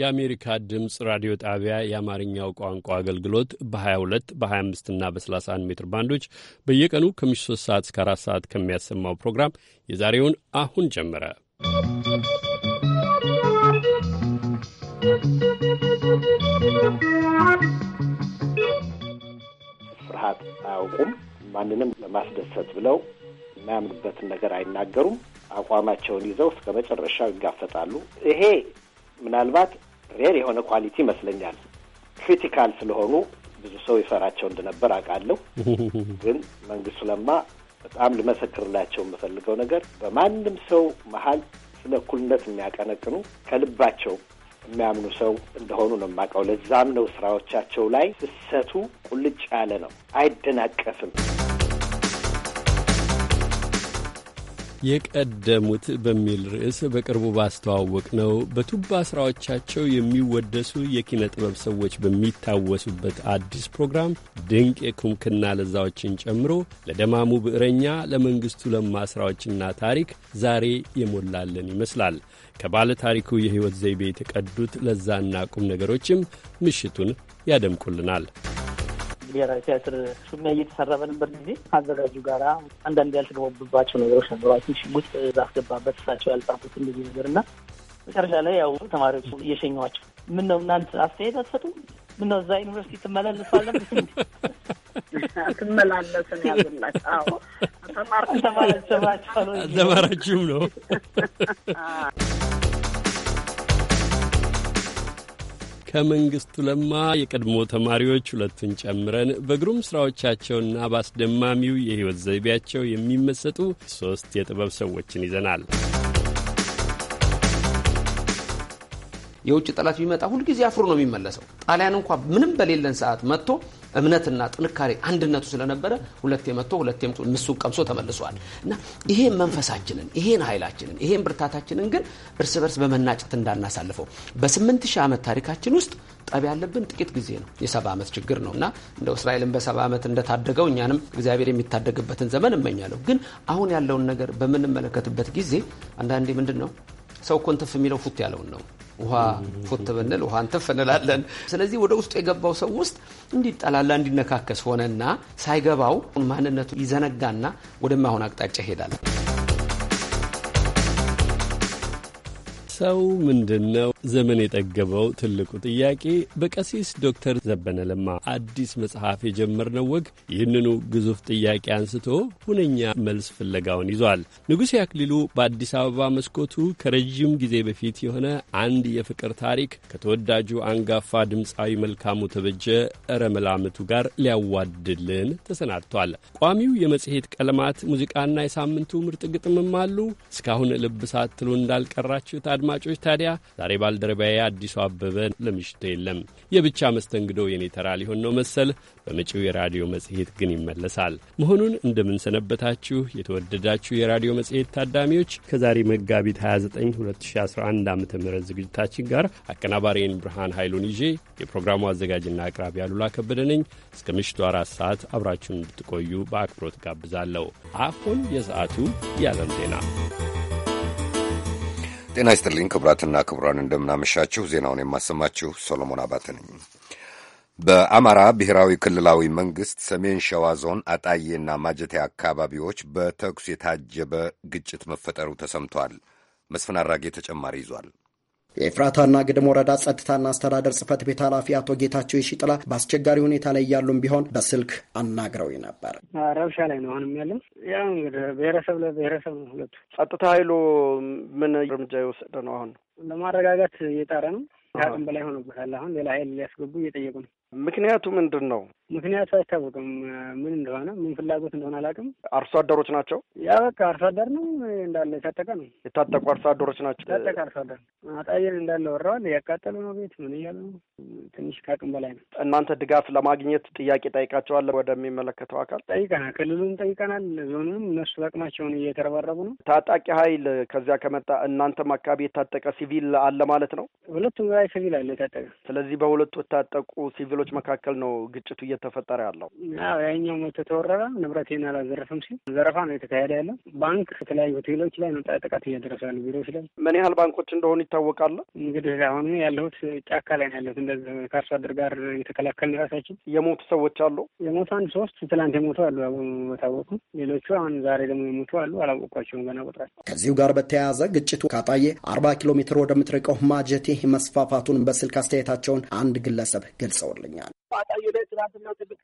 የአሜሪካ ድምፅ ራዲዮ ጣቢያ የአማርኛው ቋንቋ አገልግሎት በ22 በ25 እና በ31 ሜትር ባንዶች በየቀኑ ከ 3 ሰዓት እስከ 4 ሰዓት ከሚያሰማው ፕሮግራም የዛሬውን አሁን ጀመረ። ፍርሃት አያውቁም። ማንንም ለማስደሰት ብለው የማያምኑበትን ነገር አይናገሩም። አቋማቸውን ይዘው እስከ መጨረሻው ይጋፈጣሉ። ይሄ ምናልባት ሬር የሆነ ኳሊቲ ይመስለኛል። ክሪቲካል ስለሆኑ ብዙ ሰው ይፈራቸው እንደነበር አውቃለሁ። ግን መንግስቱ ለማ በጣም ልመሰክርላቸው የምፈልገው ነገር በማንም ሰው መሀል ስለ እኩልነት የሚያቀነቅኑ ከልባቸው የሚያምኑ ሰው እንደሆኑ ነው የማውቀው። ለዛም ነው ስራዎቻቸው ላይ ፍሰቱ ቁልጭ ያለ ነው፣ አይደናቀፍም። የቀደሙት በሚል ርዕስ በቅርቡ ባስተዋወቅ ነው በቱባ ሥራዎቻቸው የሚወደሱ የኪነ ጥበብ ሰዎች በሚታወሱበት አዲስ ፕሮግራም ድንቅ የኩምክና ለዛዎችን ጨምሮ ለደማሙ ብዕረኛ ለመንግሥቱ ለማ ሥራዎችና ታሪክ ዛሬ የሞላለን ይመስላል። ከባለ ታሪኩ የሕይወት ዘይቤ የተቀዱት ለዛና ቁም ነገሮችም ምሽቱን ያደምቁልናል። ብሔራዊ ቲያትር ሹሚያ እየተሰራ በነበር ጊዜ አዘጋጁ ጋራ አንዳንድ ያልተገባባቸው ነገሮች ነበሯችን። ሽጉጥ ዛስገባበት እሳቸው ያልጻፉት እንደዚህ ነገር እና መጨረሻ ላይ ያው ተማሪዎች እየሸኘዋቸው ምን ነው እናንተ አስተያየት አትሰጡ ምን ነው እዛ ዩኒቨርሲቲ ትመላለሳለህ? ትመላለስን ያዘላቸው ተማራችሁም ነው ከመንግስቱ ለማ የቀድሞ ተማሪዎች ሁለቱን ጨምረን በግሩም ስራዎቻቸውና በአስደማሚው የሕይወት ዘይቤያቸው የሚመሰጡ ሶስት የጥበብ ሰዎችን ይዘናል። የውጭ ጠላት ቢመጣ ሁልጊዜ አፍሮ ነው የሚመለሰው። ጣሊያን እንኳ ምንም በሌለን ሰዓት መጥቶ እምነትና ጥንካሬ አንድነቱ ስለነበረ ሁለቴ መጥቶ ሁለቴም ምሱን ቀምሶ ተመልሷል። እና ይሄን መንፈሳችንን ይሄን ኃይላችንን ይሄን ብርታታችንን ግን እርስ በርስ በመናጨት እንዳናሳልፈው በስምንት ሺህ ዓመት ታሪካችን ውስጥ ጠብ ያለብን ጥቂት ጊዜ ነው። የሰባ ዓመት ችግር ነው እና እንደ እስራኤልን በሰባ ዓመት እንደታደገው እኛንም እግዚአብሔር የሚታደግበትን ዘመን እመኛለሁ። ግን አሁን ያለውን ነገር በምንመለከትበት ጊዜ አንዳንዴ ምንድን ነው ሰው እኮ እንትፍ የሚለው ፉት ያለውን ነው። ውሃ ፉት ብንል ውሃ እንትፍ እንላለን። ስለዚህ ወደ ውስጡ የገባው ሰው ውስጥ እንዲጠላላ እንዲነካከስ ሆነና ሳይገባው ማንነቱ ይዘነጋና ወደማይሆን አቅጣጫ ይሄዳል። ሰው ምንድን ነው? ዘመን የጠገበው ትልቁ ጥያቄ በቀሲስ ዶክተር ዘበነ ለማ አዲስ መጽሐፍ የጀመርነው ወግ ይህንኑ ግዙፍ ጥያቄ አንስቶ ሁነኛ መልስ ፍለጋውን ይዟል። ንጉሴ አክሊሉ በአዲስ አበባ መስኮቱ ከረዥም ጊዜ በፊት የሆነ አንድ የፍቅር ታሪክ ከተወዳጁ አንጋፋ ድምፃዊ መልካሙ ተበጀ እረ መላምቱ ጋር ሊያዋድልን ተሰናድቷል። ቋሚው የመጽሔት ቀለማት ሙዚቃና የሳምንቱ ምርጥ ግጥምም አሉ። እስካሁን ልብ ሳትሉ እንዳልቀራችሁት አድማ አድማጮች ታዲያ ዛሬ ባልደረባዬ አዲሱ አበበ ለምሽቱ የለም። የብቻ መስተንግዶ የኔ ተራ ሊሆን ነው መሰል። በመጪው የራዲዮ መጽሔት ግን ይመለሳል መሆኑን እንደምንሰነበታችሁ የተወደዳችሁ የራዲዮ መጽሔት ታዳሚዎች ከዛሬ መጋቢት 29 2011 ዓ ም ዝግጅታችን ጋር አቀናባሪን ብርሃን ኃይሉን ይዤ የፕሮግራሙ አዘጋጅና አቅራቢ አሉላ ከበደ ነኝ። እስከ ምሽቱ አራት ሰዓት አብራችሁን እንድትቆዩ በአክብሮት ጋብዛለሁ። አሁን የሰዓቱ የዓለም ዜና ጤና ይስጥልኝ ክቡራትና ክቡራን፣ እንደምናመሻችሁ። ዜናውን የማሰማችሁ ሶሎሞን አባተ ነኝ። በአማራ ብሔራዊ ክልላዊ መንግሥት ሰሜን ሸዋ ዞን አጣዬና ማጀቴ አካባቢዎች በተኩስ የታጀበ ግጭት መፈጠሩ ተሰምቷል። መስፍን አራጌ ተጨማሪ ይዟል። የፍራታና ግድም ወረዳ ጸጥታና አስተዳደር ጽህፈት ቤት ኃላፊ አቶ ጌታቸው የሺጥላ በአስቸጋሪ ሁኔታ ላይ ያሉም ቢሆን በስልክ አናግረው ነበር። ረብሻ ላይ ነው አሁንም ያለው። ያው እንግዲህ ብሔረሰብ ለብሔረሰብ ነው ሁለቱ። ጸጥታ ኃይሉ ምን እርምጃ የወሰደ ነው? አሁን ለማረጋጋት እየጣረ ነው። ከአቅም በላይ ሆኖበታል። አሁን ሌላ ኃይል ሊያስገቡ እየጠየቁ ነው። ምክንያቱ ምንድን ነው? ምክንያቱ አይታወቅም። ምን እንደሆነ ምን ፍላጎት እንደሆነ አላውቅም። አርሶ አደሮች ናቸው። ያ በቃ አርሶ አደር ነው እንዳለ የታጠቀ ነው። የታጠቁ አርሶ አደሮች ናቸው። የታጠቀ አርሶ አደር አጣየን እንዳለ ወረዋል። እያቃጠሉ ነው ቤት ምን እያሉ ነው። ትንሽ ከአቅም በላይ ነው። እናንተ ድጋፍ ለማግኘት ጥያቄ ጠይቃቸዋለ ወደሚመለከተው አካል ጠይቀናል። ክልሉም ጠይቀናል። ዞኑንም እነሱ አቅማቸውን እየተረባረቡ ነው። ታጣቂ ኃይል ከዚያ ከመጣ እናንተም አካባቢ የታጠቀ ሲቪል አለ ማለት ነው። ሁለቱም ላይ ሲቪል አለ የታጠቀ። ስለዚህ በሁለቱ የታጠቁ ሲቪሎች መካከል ነው ግጭቱ እየተፈጠረ ያለው? ያኛው መቶ ተወረረ ንብረቴን አላዘረፍም ሲል ዘረፋ ነው የተካሄደ ያለው። ባንክ የተለያዩ ሆቴሎች ላይ ነው ጥቃት እያደረሰ ያሉ ቢሮዎች ላይ። ምን ያህል ባንኮች እንደሆኑ ይታወቃል? እንግዲህ አሁን ያለሁት ጫካ ላይ ነው ያለሁት። እንደዚህ ከአርሶ አደር ጋር የተከላከልን ራሳችን። የሞቱ ሰዎች አሉ? የሞቱ አንድ ሶስት ትላንት የሞቱ አሉ ታወቁ። ሌሎቹ አሁን ዛሬ ደግሞ የሞቱ አሉ አላወቋቸውም ገና ቁጥራቸው። ከዚሁ ጋር በተያያዘ ግጭቱ ካጣዬ አርባ ኪሎ ሜትር ወደምትርቀው ማጀቴ መስፋፋቱን በስልክ አስተያየታቸውን አንድ ግለሰብ ገልጸውልኛል። አጣዬ ላይ ትናንትና ትልቅ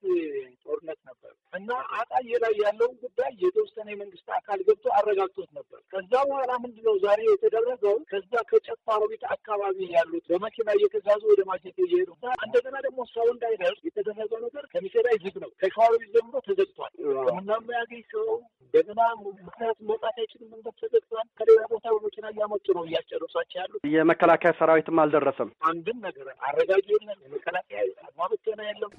ጦርነት ነበር እና አጣዬ ላይ ያለውን ጉዳይ የተወሰነ የመንግስት አካል ገብቶ አረጋግጦት ነበር። ከዛ በኋላ ምንድነው ዛሬ የተደረገው? ከዛ ከጨፋ ሮቢት አካባቢ ያሉት በመኪና እየተዛዙ ወደ ማጀቴ እየሄዱ እንደገና ደግሞ ሰው እንዳይደርስ የተደረገ ነገር ከሚሴ ላይ ዝግ ነው። ከሸዋ ሮቢት ጀምሮ ተዘግቷል። ምናሚያገኝ ሰው እንደገና ምክንያቱም መውጣት አይችልም። መንገድ ተዘግቷል። ከሌላ ቦታ በመኪና እያመጡ ነው እያስጨረሷቸው ያሉት። የመከላከያ ሰራዊትም አልደረሰም። አንድም ነገር አረጋጅ የለም። የመከላከያ አድማበት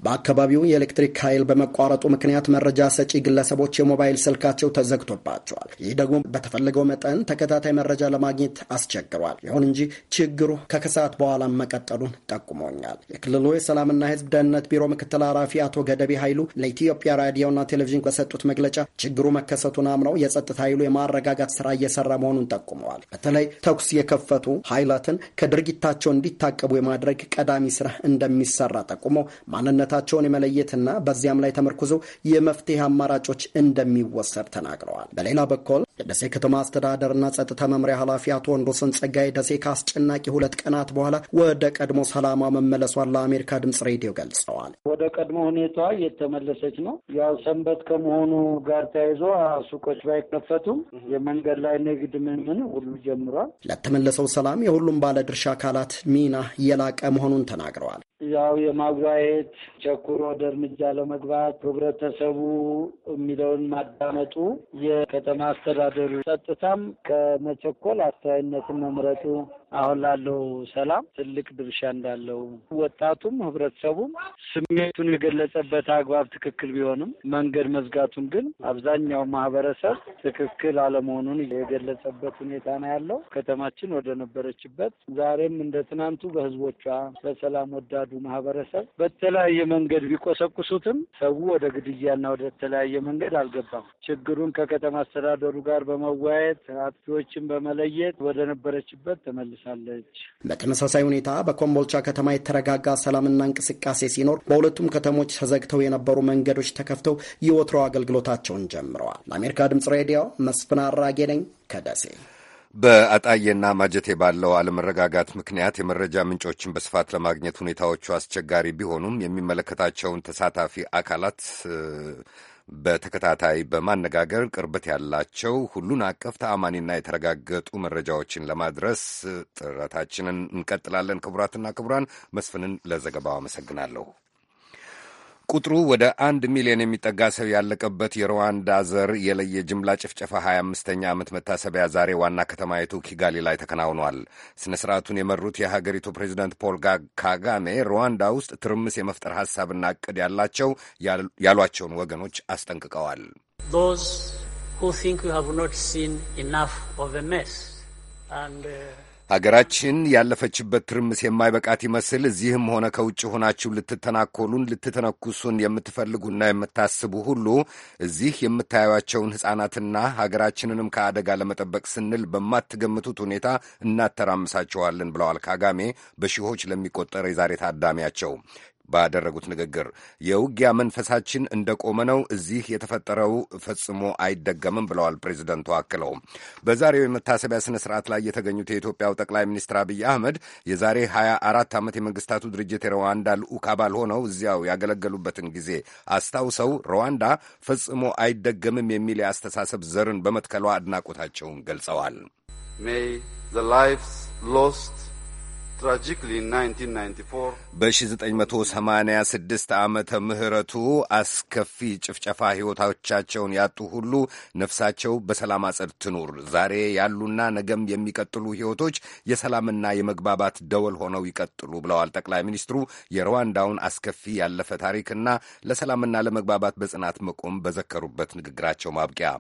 በአካባቢው የኤሌክትሪክ ኃይል በመቋረጡ ምክንያት መረጃ ሰጪ ግለሰቦች የሞባይል ስልካቸው ተዘግቶባቸዋል። ይህ ደግሞ በተፈለገው መጠን ተከታታይ መረጃ ለማግኘት አስቸግሯል። ይሁን እንጂ ችግሩ ከከሰዓት በኋላ መቀጠሉን ጠቁሞኛል። የክልሉ የሰላምና ሕዝብ ደህንነት ቢሮ ምክትል ኃላፊ አቶ ገደቤ ኃይሉ ለኢትዮጵያ ራዲዮና ቴሌቪዥን በሰጡት መግለጫ ችግሩ መከሰቱን አምነው የጸጥታ ኃይሉ የማረጋጋት ስራ እየሰራ መሆኑን ጠቁመዋል። በተለይ ተኩስ የከፈቱ ኃይላትን ከድርጊታቸው እንዲታቀቡ የማድረግ ቀዳሚ ስራ እንደሚሰራ ጠቁመው ማንነታቸውን የመለየትና በዚያም ላይ ተመርኩዞ የመፍትሄ አማራጮች እንደሚወሰድ ተናግረዋል። በሌላ በኩል የደሴ ከተማ አስተዳደርና ጸጥታ መምሪያ ኃላፊ አቶ ወንዶሰን ጸጋይ ደሴ ከአስጨናቂ ሁለት ቀናት በኋላ ወደ ቀድሞ ሰላሟ መመለሷን ለአሜሪካ ድምጽ ሬዲዮ ገልጸዋል። ወደ ቀድሞ ሁኔታ እየተመለሰች ነው። ያው ሰንበት ከመሆኑ ጋር ተያይዞ ሱቆች ባይከፈቱም የመንገድ ላይ ንግድ ምንምን ሁሉ ጀምሯል። ለተመለሰው ሰላም የሁሉም ባለድርሻ አካላት ሚና የላቀ መሆኑን ተናግረዋል። ያው የማጓየት ቸኩሮ ወደ እርምጃ ለመግባት ህብረተሰቡ የሚለውን ማዳመጡ የከተማ አስተዳደሩ ጸጥታም ከመቸኮል አስተዋይነትን መምረጡ አሁን ላለው ሰላም ትልቅ ድርሻ እንዳለው ወጣቱም ህብረተሰቡም ስሜቱን የገለጸበት አግባብ ትክክል ቢሆንም መንገድ መዝጋቱን ግን አብዛኛው ማህበረሰብ ትክክል አለመሆኑን የገለጸበት ሁኔታ ነው ያለው። ከተማችን ወደ ነበረችበት ዛሬም እንደ ትናንቱ በህዝቦቿ በሰላም ወዳዱ ማህበረሰብ በተለያየ መንገድ ቢቆሰቁሱትም ሰው ወደ ግድያና ወደ ተለያየ መንገድ አልገባም። ችግሩን ከከተማ አስተዳደሩ ጋር በመወያየት አጥፊዎችን በመለየት ወደ ነበረችበት ተመልሰ ደርሳለች። በተመሳሳይ ሁኔታ በኮምቦልቻ ከተማ የተረጋጋ ሰላምና እንቅስቃሴ ሲኖር፣ በሁለቱም ከተሞች ተዘግተው የነበሩ መንገዶች ተከፍተው የወትሮው አገልግሎታቸውን ጀምረዋል። ለአሜሪካ ድምጽ ሬዲዮ መስፍን አራጌ ነኝ ከደሴ። በአጣዬና ማጀቴ ባለው አለመረጋጋት ምክንያት የመረጃ ምንጮችን በስፋት ለማግኘት ሁኔታዎቹ አስቸጋሪ ቢሆኑም የሚመለከታቸውን ተሳታፊ አካላት በተከታታይ በማነጋገር ቅርበት ያላቸው ሁሉን አቀፍ ተአማኒና የተረጋገጡ መረጃዎችን ለማድረስ ጥረታችንን እንቀጥላለን። ክቡራትና ክቡራን፣ መስፍንን ለዘገባው አመሰግናለሁ። ቁጥሩ ወደ አንድ ሚሊዮን የሚጠጋ ሰው ያለቀበት የሩዋንዳ ዘር የለየ ጅምላ ጭፍጨፋ 25ኛ ዓመት መታሰቢያ ዛሬ ዋና ከተማይቱ ኪጋሊ ላይ ተከናውኗል። ሥነ ሥርዓቱን የመሩት የሀገሪቱ ፕሬዚደንት ፖል ካጋሜ ሩዋንዳ ውስጥ ትርምስ የመፍጠር ሐሳብና ዕቅድ ያላቸው ያሏቸውን ወገኖች አስጠንቅቀዋል። those ሀገራችን ያለፈችበት ትርምስ የማይበቃት ይመስል እዚህም ሆነ ከውጭ ሆናችሁ ልትተናኮሉን፣ ልትተነኩሱን የምትፈልጉና የምታስቡ ሁሉ እዚህ የምታዩቸውን ሕፃናትና ሀገራችንንም ከአደጋ ለመጠበቅ ስንል በማትገምቱት ሁኔታ እናተራምሳችኋለን ብለዋል ካጋሜ በሺዎች ለሚቆጠር የዛሬ ታዳሚያቸው። ባደረጉት ንግግር የውጊያ መንፈሳችን እንደቆመ ነው፣ እዚህ የተፈጠረው ፈጽሞ አይደገምም ብለዋል ፕሬዚደንቱ። አክለው በዛሬው የመታሰቢያ ስነ ስርዓት ላይ የተገኙት የኢትዮጵያው ጠቅላይ ሚኒስትር አብይ አህመድ የዛሬ 24 ዓመት የመንግስታቱ ድርጅት የሩዋንዳ ልዑክ አባል ሆነው እዚያው ያገለገሉበትን ጊዜ አስታውሰው ሩዋንዳ ፈጽሞ አይደገምም የሚል የአስተሳሰብ ዘርን በመትከሏ አድናቆታቸውን ገልጸዋል። ሜይ ዘ ላይፍስ ሎስት ትራጂክሊ 1994 በ1986 ዓመተ ምህረቱ አስከፊ ጭፍጨፋ ሕይወታቻቸውን ያጡ ሁሉ ነፍሳቸው በሰላም አጸድ ትኑር። ዛሬ ያሉና ነገም የሚቀጥሉ ሕይወቶች የሰላምና የመግባባት ደወል ሆነው ይቀጥሉ ብለዋል ጠቅላይ ሚኒስትሩ። የሩዋንዳውን አስከፊ ያለፈ ታሪክና ለሰላምና ለመግባባት በጽናት መቆም በዘከሩበት ንግግራቸው ማብቂያ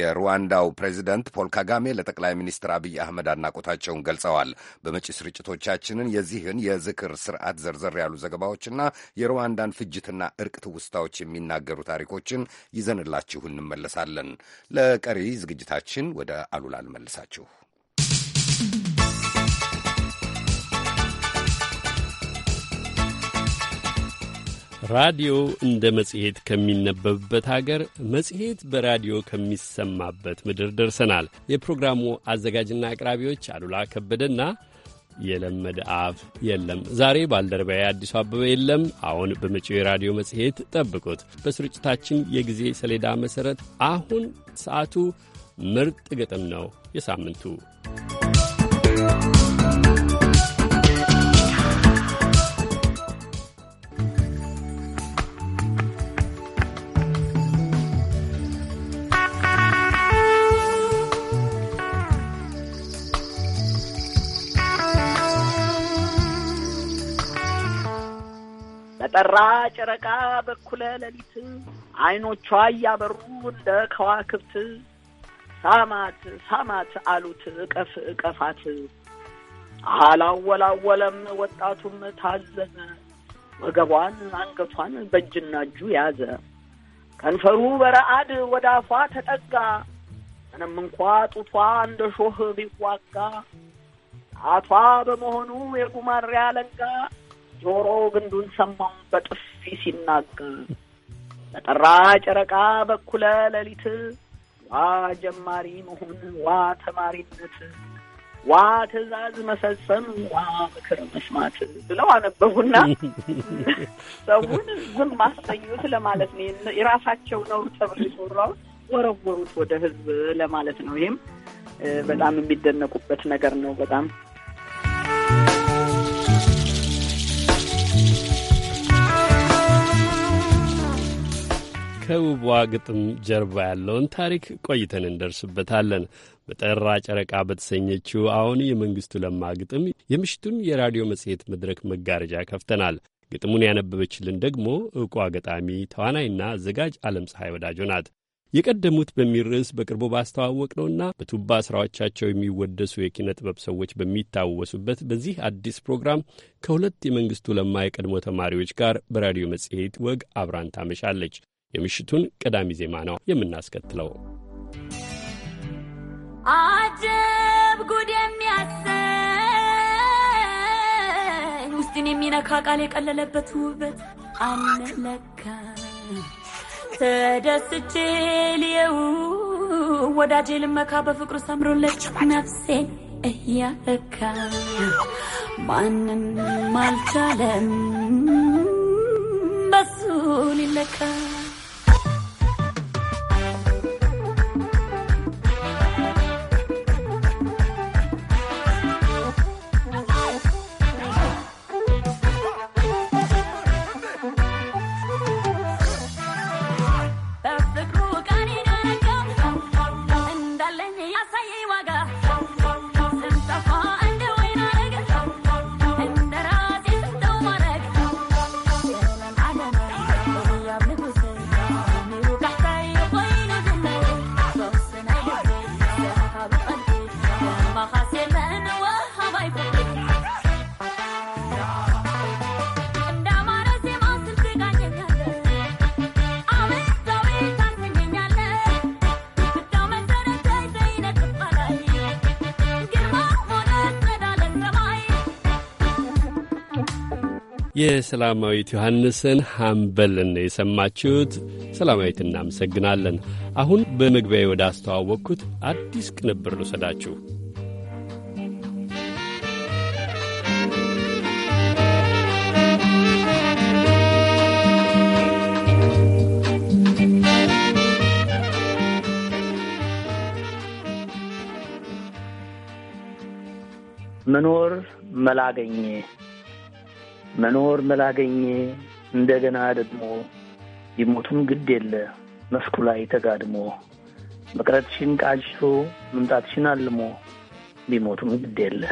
የሩዋንዳው ፕሬዚደንት ፖል ካጋሜ ለጠቅላይ ሚኒስትር አብይ አህመድ አድናቆታቸውን ገልጸዋል። በመጪ ስርጭቶቻችንን የዚህን የዝክር ስርዓት ዘር ዘርዘር ያሉ ዘገባዎችና የሩዋንዳን ፍጅትና እርቅ ትውስታዎች የሚናገሩ ታሪኮችን ይዘንላችሁ እንመለሳለን። ለቀሪ ዝግጅታችን ወደ አሉላ ልመልሳችሁ። ራዲዮ እንደ መጽሔት ከሚነበብበት አገር መጽሔት በራዲዮ ከሚሰማበት ምድር ደርሰናል። የፕሮግራሙ አዘጋጅና አቅራቢዎች አሉላ ከበደና የለመደ አፍ የለም። ዛሬ ባልደረባዬ አዲሱ አበበ የለም። አሁን በመጪው የራዲዮ መጽሔት ጠብቁት። በስርጭታችን የጊዜ ሰሌዳ መሠረት አሁን ሰዓቱ ምርጥ ግጥም ነው የሳምንቱ በጠራ ጨረቃ በኩለ ሌሊት አይኖቿ እያበሩ እንደ ከዋክብት ሳማት ሳማት አሉት እቀፍ እቀፋት። አላወላወለም ወጣቱም ታዘዘ። ወገቧን አንገቷን በእጅና እጁ ያዘ። ከንፈሩ በረአድ ወደ አፏ ተጠጋ። ምንም እንኳ ጡቷ እንደ ሾህ ቢዋጋ ጣቷ በመሆኑ የጉማሬ አለንጋ ጆሮ ግንዱን ሰማው በጥፊ ሲናገር በጠራ ጨረቃ በኩለ ሌሊት ዋ ጀማሪ መሆን ዋ ተማሪነት ዋ ትዕዛዝ መሰሰም ዋ ምክር መስማት ብለው አነበቡና ሰውን ዝም ማሰኙት ለማለት ነው። የራሳቸው ነው ተብሎ የሰራው ወረወሩት ወደ ህዝብ ለማለት ነው። ይህም በጣም የሚደነቁበት ነገር ነው። በጣም ከውቧ ግጥም ጀርባ ያለውን ታሪክ ቆይተን እንደርስበታለን። በጠራ ጨረቃ በተሰኘችው አሁን የመንግሥቱ ለማ ግጥም የምሽቱን የራዲዮ መጽሔት መድረክ መጋረጃ ከፍተናል። ግጥሙን ያነበበችልን ደግሞ ዕውቋ ገጣሚ ተዋናይና አዘጋጅ ዓለም ፀሐይ ወዳጆ ናት። የቀደሙት በሚል ርዕስ በቅርቡ ባስተዋወቅ ነውና በቱባ ሥራዎቻቸው የሚወደሱ የኪነ ጥበብ ሰዎች በሚታወሱበት በዚህ አዲስ ፕሮግራም ከሁለት የመንግሥቱ ለማ የቀድሞ ተማሪዎች ጋር በራዲዮ መጽሔት ወግ አብራን ታመሻለች። የምሽቱን ቀዳሚ ዜማ ነው የምናስከትለው። አጀብ ጉድ የሚያሰኝ ውስጥን የሚነካ ቃል የቀለለበት ውበት አነለካ ተደስቼ ወዳጄ ልመካ በፍቅሩ ሰምሮለች ነፍሴ እያለካ ማንም አልቻለም በሱ ሊለካ የሰላማዊት ዮሐንስን ሀምበልን የሰማችሁት። ሰላማዊት እናመሰግናለን። አሁን በመግቢያ ወደ አስተዋወቅኩት አዲስ ቅንብር ልውሰዳችሁ። መኖር መላገኜ መኖር መላገኘ እንደገና ደግሞ የሞቱም ግድ የለ መስኩ ላይ ተጋድሞ መቅረትሽን ቃጭቶ መምጣትሽን አልሞ ቢሞቱም ግድ የለ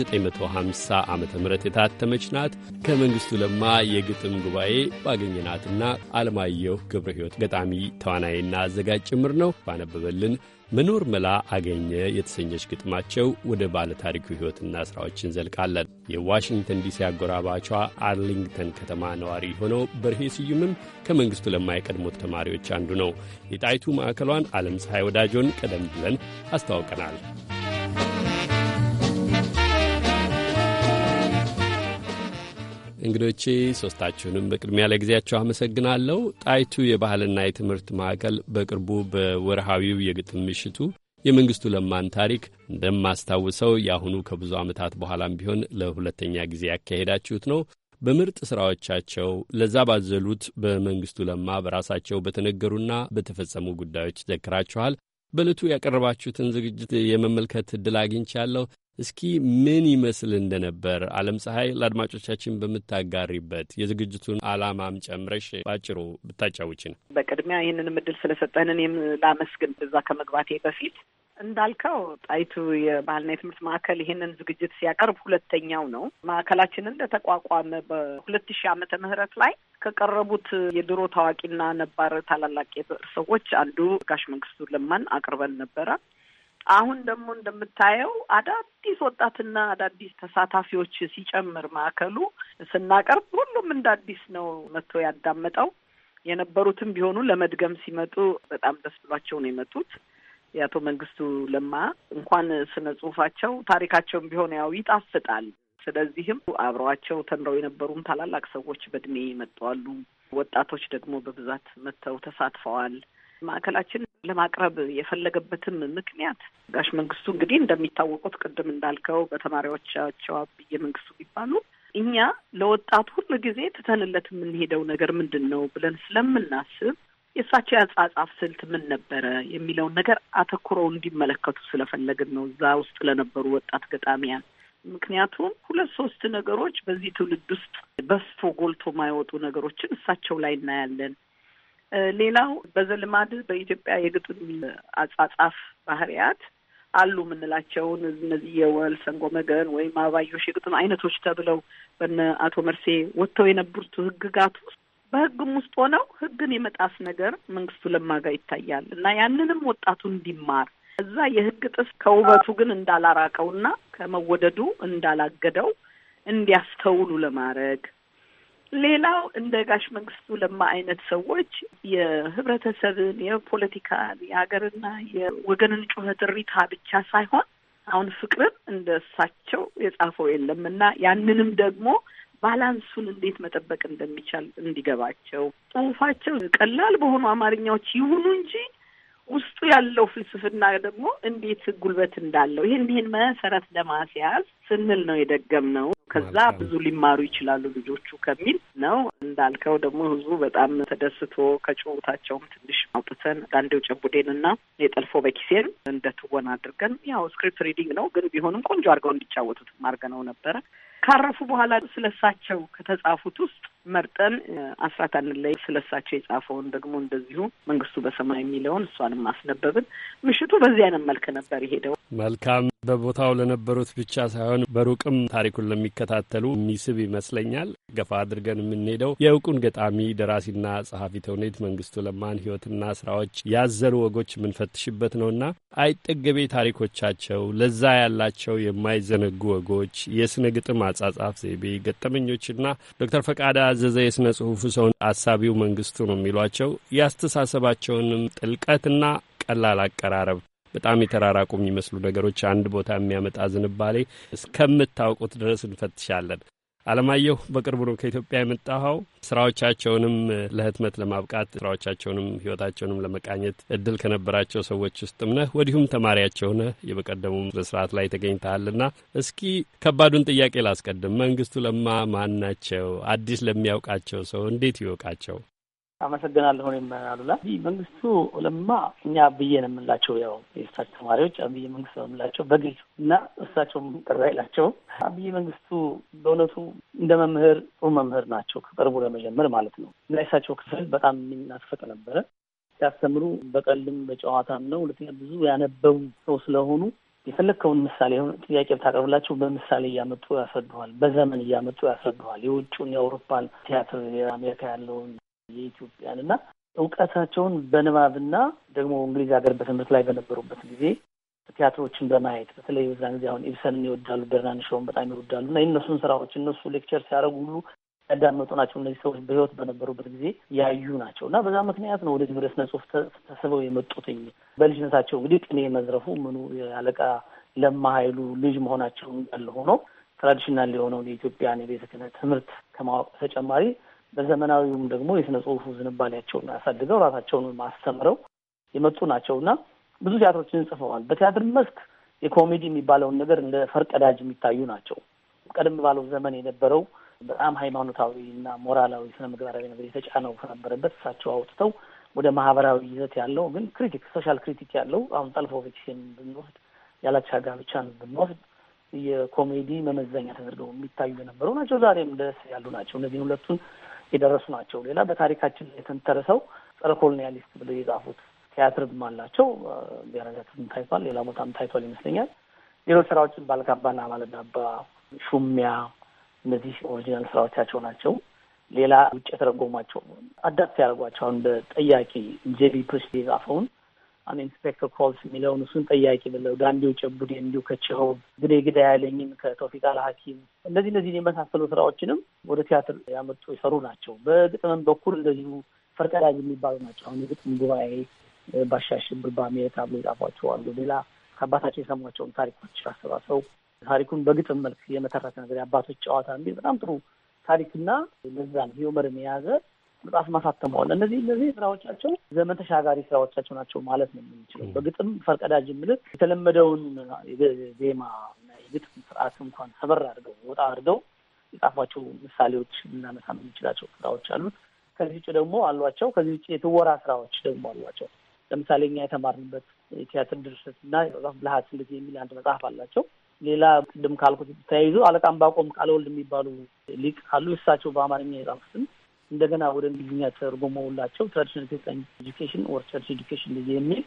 1950 ዓ ም የታተመች ናት። ከመንግሥቱ ለማ የግጥም ጉባኤ ባገኘናትና አለማየሁ ገብረ ሕይወት ገጣሚ ተዋናይና አዘጋጅ ጭምር ነው ባነበበልን መኖር መላ አገኘ የተሰኘች ግጥማቸው ወደ ታሪኩ ሕይወትና ሥራዎች እንዘልቃለን። የዋሽንግተን ዲሲ አጎራባቿ አርሊንግተን ከተማ ነዋሪ የሆነው በርሄ ስዩምም ከመንግሥቱ ለማ የቀድሞ ተማሪዎች አንዱ ነው። የጣይቱ ማዕከሏን ዓለም ፀሐይ ወዳጆን ቀደም ብለን አስተዋውቀናል። እንግዶቼ ሶስታችሁንም በቅድሚያ ለጊዜያቸው አመሰግናለሁ። ጣይቱ የባህልና የትምህርት ማዕከል በቅርቡ በወርሃዊው የግጥም ምሽቱ የመንግስቱ ለማን ታሪክ እንደማስታውሰው የአሁኑ ከብዙ ዓመታት በኋላም ቢሆን ለሁለተኛ ጊዜ ያካሄዳችሁት ነው። በምርጥ ሥራዎቻቸው ለዛ ባዘሉት በመንግስቱ ለማ በራሳቸው በተነገሩና በተፈጸሙ ጉዳዮች ዘክራችኋል። በእለቱ ያቀረባችሁትን ዝግጅት የመመልከት ዕድል አግኝቻለሁ። እስኪ ምን ይመስል እንደነበር አለም ፀሐይ ለአድማጮቻችን በምታጋሪበት የዝግጅቱን አላማም ጨምረሽ ባጭሩ ብታጫውችን። በቅድሚያ ይህንን እድል ስለሰጠህንን ላመስግን። እዛ ከመግባቴ በፊት እንዳልከው ጣይቱ የባህልና የትምህርት ማዕከል ይህንን ዝግጅት ሲያቀርብ ሁለተኛው ነው። ማዕከላችን እንደተቋቋመ በሁለት ሺህ ዓመተ ምህረት ላይ ከቀረቡት የድሮ ታዋቂና ነባር ታላላቅ ሰዎች አንዱ ጋሽ መንግስቱ ለማን አቅርበን ነበረ። አሁን ደግሞ እንደምታየው አዳዲስ ወጣትና አዳዲስ ተሳታፊዎች ሲጨምር ማዕከሉ ስናቀርብ ሁሉም እንደ አዲስ ነው መጥቶ ያዳመጠው። የነበሩትም ቢሆኑ ለመድገም ሲመጡ በጣም ደስ ብሏቸው ነው የመጡት። የአቶ መንግስቱ ለማ እንኳን ስነ ጽሁፋቸው ታሪካቸውም ቢሆን ያው ይጣፍጣል። ስለዚህም አብረዋቸው ተምረው የነበሩም ታላላቅ ሰዎች በእድሜ መጥተዋሉ። ወጣቶች ደግሞ በብዛት መጥተው ተሳትፈዋል። ማዕከላችን ለማቅረብ የፈለገበትም ምክንያት ጋሽ መንግስቱ እንግዲህ እንደሚታወቁት ቅድም እንዳልከው በተማሪዎቻቸው አብዬ መንግስቱ የሚባሉ እኛ ለወጣት ሁሉ ጊዜ ትተንለት የምንሄደው ነገር ምንድን ነው ብለን ስለምናስብ የእሳቸው ያጻጻፍ ስልት ምን ነበረ የሚለውን ነገር አተኩረው እንዲመለከቱ ስለፈለግን ነው እዛ ውስጥ ለነበሩ ወጣት ገጣሚያን። ምክንያቱም ሁለት ሶስት ነገሮች በዚህ ትውልድ ውስጥ በስቶ ጎልቶ የማይወጡ ነገሮችን እሳቸው ላይ እናያለን። ሌላው በዘልማድ በኢትዮጵያ የግጥም አጻጻፍ ባህሪያት አሉ የምንላቸውን እነዚህ የወል ሰንጎ መገን ወይም አባዮሽ የግጥም አይነቶች ተብለው በነ አቶ መርሴ ወጥተው የነበሩት ህግጋት ውስጥ በህግም ውስጥ ሆነው ህግን የመጣስ ነገር መንግስቱ ለማጋ ይታያል እና ያንንም ወጣቱ እንዲማር እዛ የህግ ጥስ ከውበቱ ግን እንዳላራቀውና ከመወደዱ እንዳላገደው እንዲያስተውሉ ለማድረግ ሌላው እንደ ጋሽ መንግስቱ ለማ አይነት ሰዎች የህብረተሰብን፣ የፖለቲካን፣ የሀገርና የወገንን ጩኸት ሪታ ብቻ ሳይሆን አሁን ፍቅርን እንደ እሳቸው የጻፈው የለም እና ያንንም ደግሞ ባላንሱን እንዴት መጠበቅ እንደሚቻል እንዲገባቸው ጽሁፋቸው ቀላል በሆኑ አማርኛዎች ይሁኑ እንጂ ውስጡ ያለው ፍልስፍና ደግሞ እንዴት ጉልበት እንዳለው ይህን ይህን መሰረት ለማስያዝ ስንል ነው የደገም ነው ከዛ ብዙ ሊማሩ ይችላሉ ልጆቹ ከሚል ነው። እንዳልከው ደግሞ ህዝቡ በጣም ተደስቶ ከጭውታቸውም ትንሽ አውጥተን ዳንዴው ጨቡዴን እና የጠልፎ በኪሴን እንደ ትወና አድርገን ያው ስክሪፕት ሪዲንግ ነው፣ ግን ቢሆንም ቆንጆ አድርገው እንዲጫወቱት አድርገነው ነበረ። ካረፉ በኋላ ስለሳቸው ከተጻፉት ውስጥ መርጠን አስራት አንለይ ስለሳቸው የጻፈውን ደግሞ እንደዚሁ መንግስቱ በሰማይ የሚለውን እሷንም አስነበብን። ምሽቱ በዚህ አይነት መልክ ነበር የሄደው። መልካም በቦታው ለነበሩት ብቻ ሳይሆን በሩቅም ታሪኩን ለሚከታተሉ የሚስብ ይመስለኛል። ገፋ አድርገን የምንሄደው የእውቁን ገጣሚ ደራሲና ጸሐፊ ተውኔት መንግስቱ ለማን ህይወትና ስራዎች ያዘሉ ወጎች የምንፈትሽበት ነውና አይጠገቤ ታሪኮቻቸው፣ ለዛ ያላቸው የማይዘነጉ ወጎች፣ የስነ ግጥም አጻጻፍ ዘይቤ ገጠመኞችና ዶክተር ፈቃዳ የታዘዘ የሥነ ጽሑፉ ሰው አሳቢው መንግስቱ ነው የሚሏቸው ያስተሳሰባቸውንም ጥልቀትና ቀላል አቀራረብ በጣም የተራራቁ የሚመስሉ ነገሮች አንድ ቦታ የሚያመጣ ዝንባሌ እስከምታውቁት ድረስ እንፈትሻለን። አለማየሁ በቅርቡ ነው ከኢትዮጵያ የመጣኸው። ስራዎቻቸውንም ለህትመት ለማብቃት ስራዎቻቸውንም ህይወታቸውንም ለመቃኘት እድል ከነበራቸው ሰዎች ውስጥም ነህ። ወዲሁም ተማሪያቸው ነህ። የበቀደሙ ስርዓት ላይ ተገኝተሃልና እስኪ ከባዱን ጥያቄ ላስቀድም። መንግስቱ ለማ ማን ናቸው? አዲስ ለሚያውቃቸው ሰው እንዴት ይወቃቸው? አመሰግናለሁ። እኔም አሉላ መንግስቱ ለማ እኛ ብዬ ነው የምንላቸው ያው የእሳቸው ተማሪዎች አብይ መንግስት ነው የምንላቸው በግል እና እሳቸውም ቅር አይላቸውም። አብይ መንግስቱ በእውነቱ እንደ መምህር ጥሩ መምህር ናቸው፣ ከቅርቡ ለመጀመር ማለት ነው እና የእሳቸው ክፍል በጣም የሚናፈቅ ነበረ። ሲያስተምሩ በቀልም በጨዋታም ነው። ሁለተኛ ብዙ ያነበቡ ሰው ስለሆኑ የፈለግከውን ምሳሌ ሆነ ጥያቄ ብታቀርብላቸው በምሳሌ እያመጡ ያስረድኋል፣ በዘመን እያመጡ ያስረድኋል። የውጭውን የአውሮፓን ቲያትር የአሜሪካ ያለውን የኢትዮጵያን እና እውቀታቸውን በንባብና ደግሞ እንግሊዝ ሀገር በትምህርት ላይ በነበሩበት ጊዜ ቲያትሮችን በማየት በተለይ በዛን ጊዜ አሁን ኢብሰንን ይወዳሉ፣ በርናንሾውን በጣም ይወዳሉ እና የእነሱን ስራዎች እነሱ ሌክቸር ሲያደርጉ ሁሉ ያዳመጡ ናቸው። እነዚህ ሰዎች በህይወት በነበሩበት ጊዜ ያዩ ናቸው እና በዛ ምክንያት ነው ወደዚህ ወደ ስነ ጽሁፍ ተስበው የመጡትኝ። በልጅነታቸው እንግዲህ ቅኔ መዝረፉ ምኑ የአለቃ ለማ ኃይሉ ልጅ መሆናቸው እንዳለ ሆኖ ትራዲሽናል የሆነውን የኢትዮጵያን የቤተ ክህነት ትምህርት ከማወቅ በተጨማሪ በዘመናዊውም ደግሞ የስነ ጽሁፉ ዝንባሌያቸውን አሳድገው ራሳቸውን ማስተምረው የመጡ ናቸው እና ብዙ ቲያትሮችን ጽፈዋል። በቲያትር መስክ የኮሜዲ የሚባለውን ነገር እንደ ፈርቀዳጅ የሚታዩ ናቸው። ቀደም ባለው ዘመን የነበረው በጣም ሃይማኖታዊ እና ሞራላዊ ስነ ምግባራዊ ነገር የተጫነው ከነበረበት እሳቸው አውጥተው ወደ ማህበራዊ ይዘት ያለው ግን ክሪቲክ ሶሻል ክሪቲክ ያለው አሁን ጠልፎቪችን ብንወስድ ያላቻ ጋብቻን ብንወስድ የኮሜዲ መመዘኛ ተደርገው የሚታዩ የነበሩ ናቸው። ዛሬም ደስ ያሉ ናቸው። እነዚህን ሁለቱን የደረሱ ናቸው። ሌላ በታሪካችን የተንተረሰው ጸረ ኮሎኒያሊስት ብለው የጻፉት ቲያትርም አላቸው። ብሔራዊ ታይቷል፣ ሌላ ቦታም ታይቷል ይመስለኛል። ሌሎች ስራዎችን ባልጋባና ማለዳባ፣ ሹሚያ እነዚህ ኦሪጂናል ስራዎቻቸው ናቸው። ሌላ ውጭ የተረጎማቸው አዳፕት ያደርጓቸው አሁን በጠያቂ ጄቢ ፕሪስ የጻፈውን ኢንስፔክተር ኮልስ የሚለውን እሱን ጠያቂ ብለው ዳንዲው ጨቡድ እንዲሁ ከችኸው ግዴ ግዳ ያለኝን ከተውፊቅ አልሐኪም እነዚህ እነዚህን የመሳሰሉ ስራዎችንም ወደ ቲያትር ያመጡ የሰሩ ናቸው። በግጥምም በኩል እንደዚሁ ፈርቀዳጅ የሚባሉ ናቸው። አሁን የግጥም ጉባኤ ባሻሽብር በአሜሪካ ታብሎ የጻፏቸው አሉ። ሌላ ከአባታቸው የሰሟቸውን ታሪኮች አሰባሰው ታሪኩን በግጥም መልክ የመተረተ ነገር የአባቶች ጨዋታ የሚል በጣም ጥሩ ታሪክና ለዛ ሂዩመርን የያዘ መጽሐፍ ማሳተመዋል። እነዚህ እነዚህ ስራዎቻቸው ዘመን ተሻጋሪ ስራዎቻቸው ናቸው ማለት ነው የምንችለው። በግጥም ፈርቀዳጅ ምልክ የተለመደውን ዜማ እና የግጥም ስርዓት እንኳን ሰበር አድርገው ወጣ አድርገው የጻፏቸው ምሳሌዎች እናነሳ የምንችላቸው ስራዎች አሉት። ከዚህ ውጭ ደግሞ አሏቸው። ከዚህ ውጭ የትወራ ስራዎች ደግሞ አሏቸው። ለምሳሌ እኛ የተማርንበት የቲያትር ድርሰት እና የመጽሐፍ ብልሃት ስልት የሚል አንድ መጽሐፍ አላቸው። ሌላ ቅድም ካልኩት ተያይዞ አለቃም ባቆም ቃለወልድ የሚባሉ ሊቅ አሉ። እሳቸው በአማርኛ የጻፉትን እንደገና ወደ እንግሊዝኛ ተርጉመውላቸው ትራዲሽናል ኢትዮጵያን ኤዱኬሽን ኦር ቸርች ኤዱኬሽን የሚል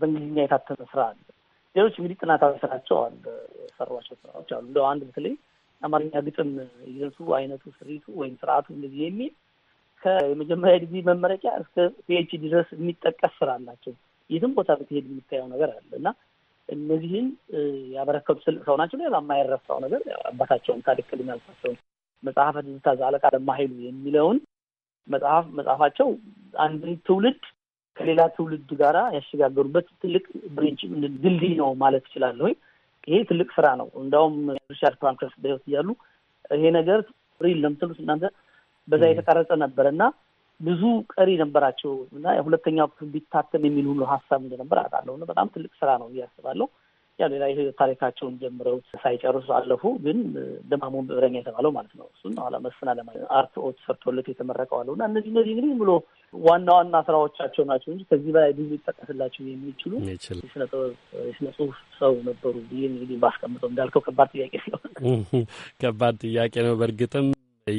በእንግሊዝኛ የታተመ ስራ አለ። ሌሎች እንግዲህ ጥናታዊ ስራቸው አለ የሰሯቸው ስራዎች አሉ። እንደው አንድ በተለይ አማርኛ ግጥም ይዘቱ፣ አይነቱ፣ ስሪቱ ወይም ስርዓቱ እንደዚህ የሚል ከመጀመሪያ ዲግሪ መመረቂያ እስከ ፒኤችዲ ድረስ የሚጠቀስ ስራ አላቸው። የትም ቦታ ብትሄድ የሚታየው ነገር አለ እና እነዚህን ያበረከቱ ትልቅ ሰው ናቸው። ሌላ የማይረሳው ነገር አባታቸውን ታሪክ ልናልፋቸውን መጽሐፈ ትዝታ ዘአለቃ ለማሄሉ የሚለውን መጽሐፍ መጽሐፋቸው አንድን ትውልድ ከሌላ ትውልድ ጋራ ያሸጋገሩበት ትልቅ ብሪጅ ድልድይ ነው ማለት እችላለሁ። ይሄ ትልቅ ስራ ነው። እንዳውም ሪቻርድ ፍራንክስ በሕይወት እያሉ ይሄ ነገር ሪል ለምትሉት እናንተ በዛ የተቀረጸ ነበር እና ብዙ ቀሪ ነበራቸው እና ሁለተኛው ቢታተም የሚል ሁሉ ሀሳብ እንደነበር አውቃለሁ። በጣም ትልቅ ስራ ነው እያስባለሁ። ያ ሌላ ታሪካቸውን ጀምረው ሳይጨርሱ አለፉ። ግን ደማሙን ብረኛ የተባለው ማለት ነው። እሱን ኋላ መስፍን አለማ አርትኦት ሰርቶለት የተመረቀው አለው እና እነዚህ እነዚህ እንግዲህ ብሎ ዋና ዋና ስራዎቻቸው ናቸው እንጂ ከዚህ በላይ ብዙ ሊጠቀስላቸው የሚችሉ የስነ ጥበብ የስነ ጽሁፍ ሰው ነበሩ። ይህ እንግዲህ ባስቀምጠው እንዳልከው ከባድ ጥያቄ ስለሆነ ከባድ ጥያቄ ነው በእርግጥም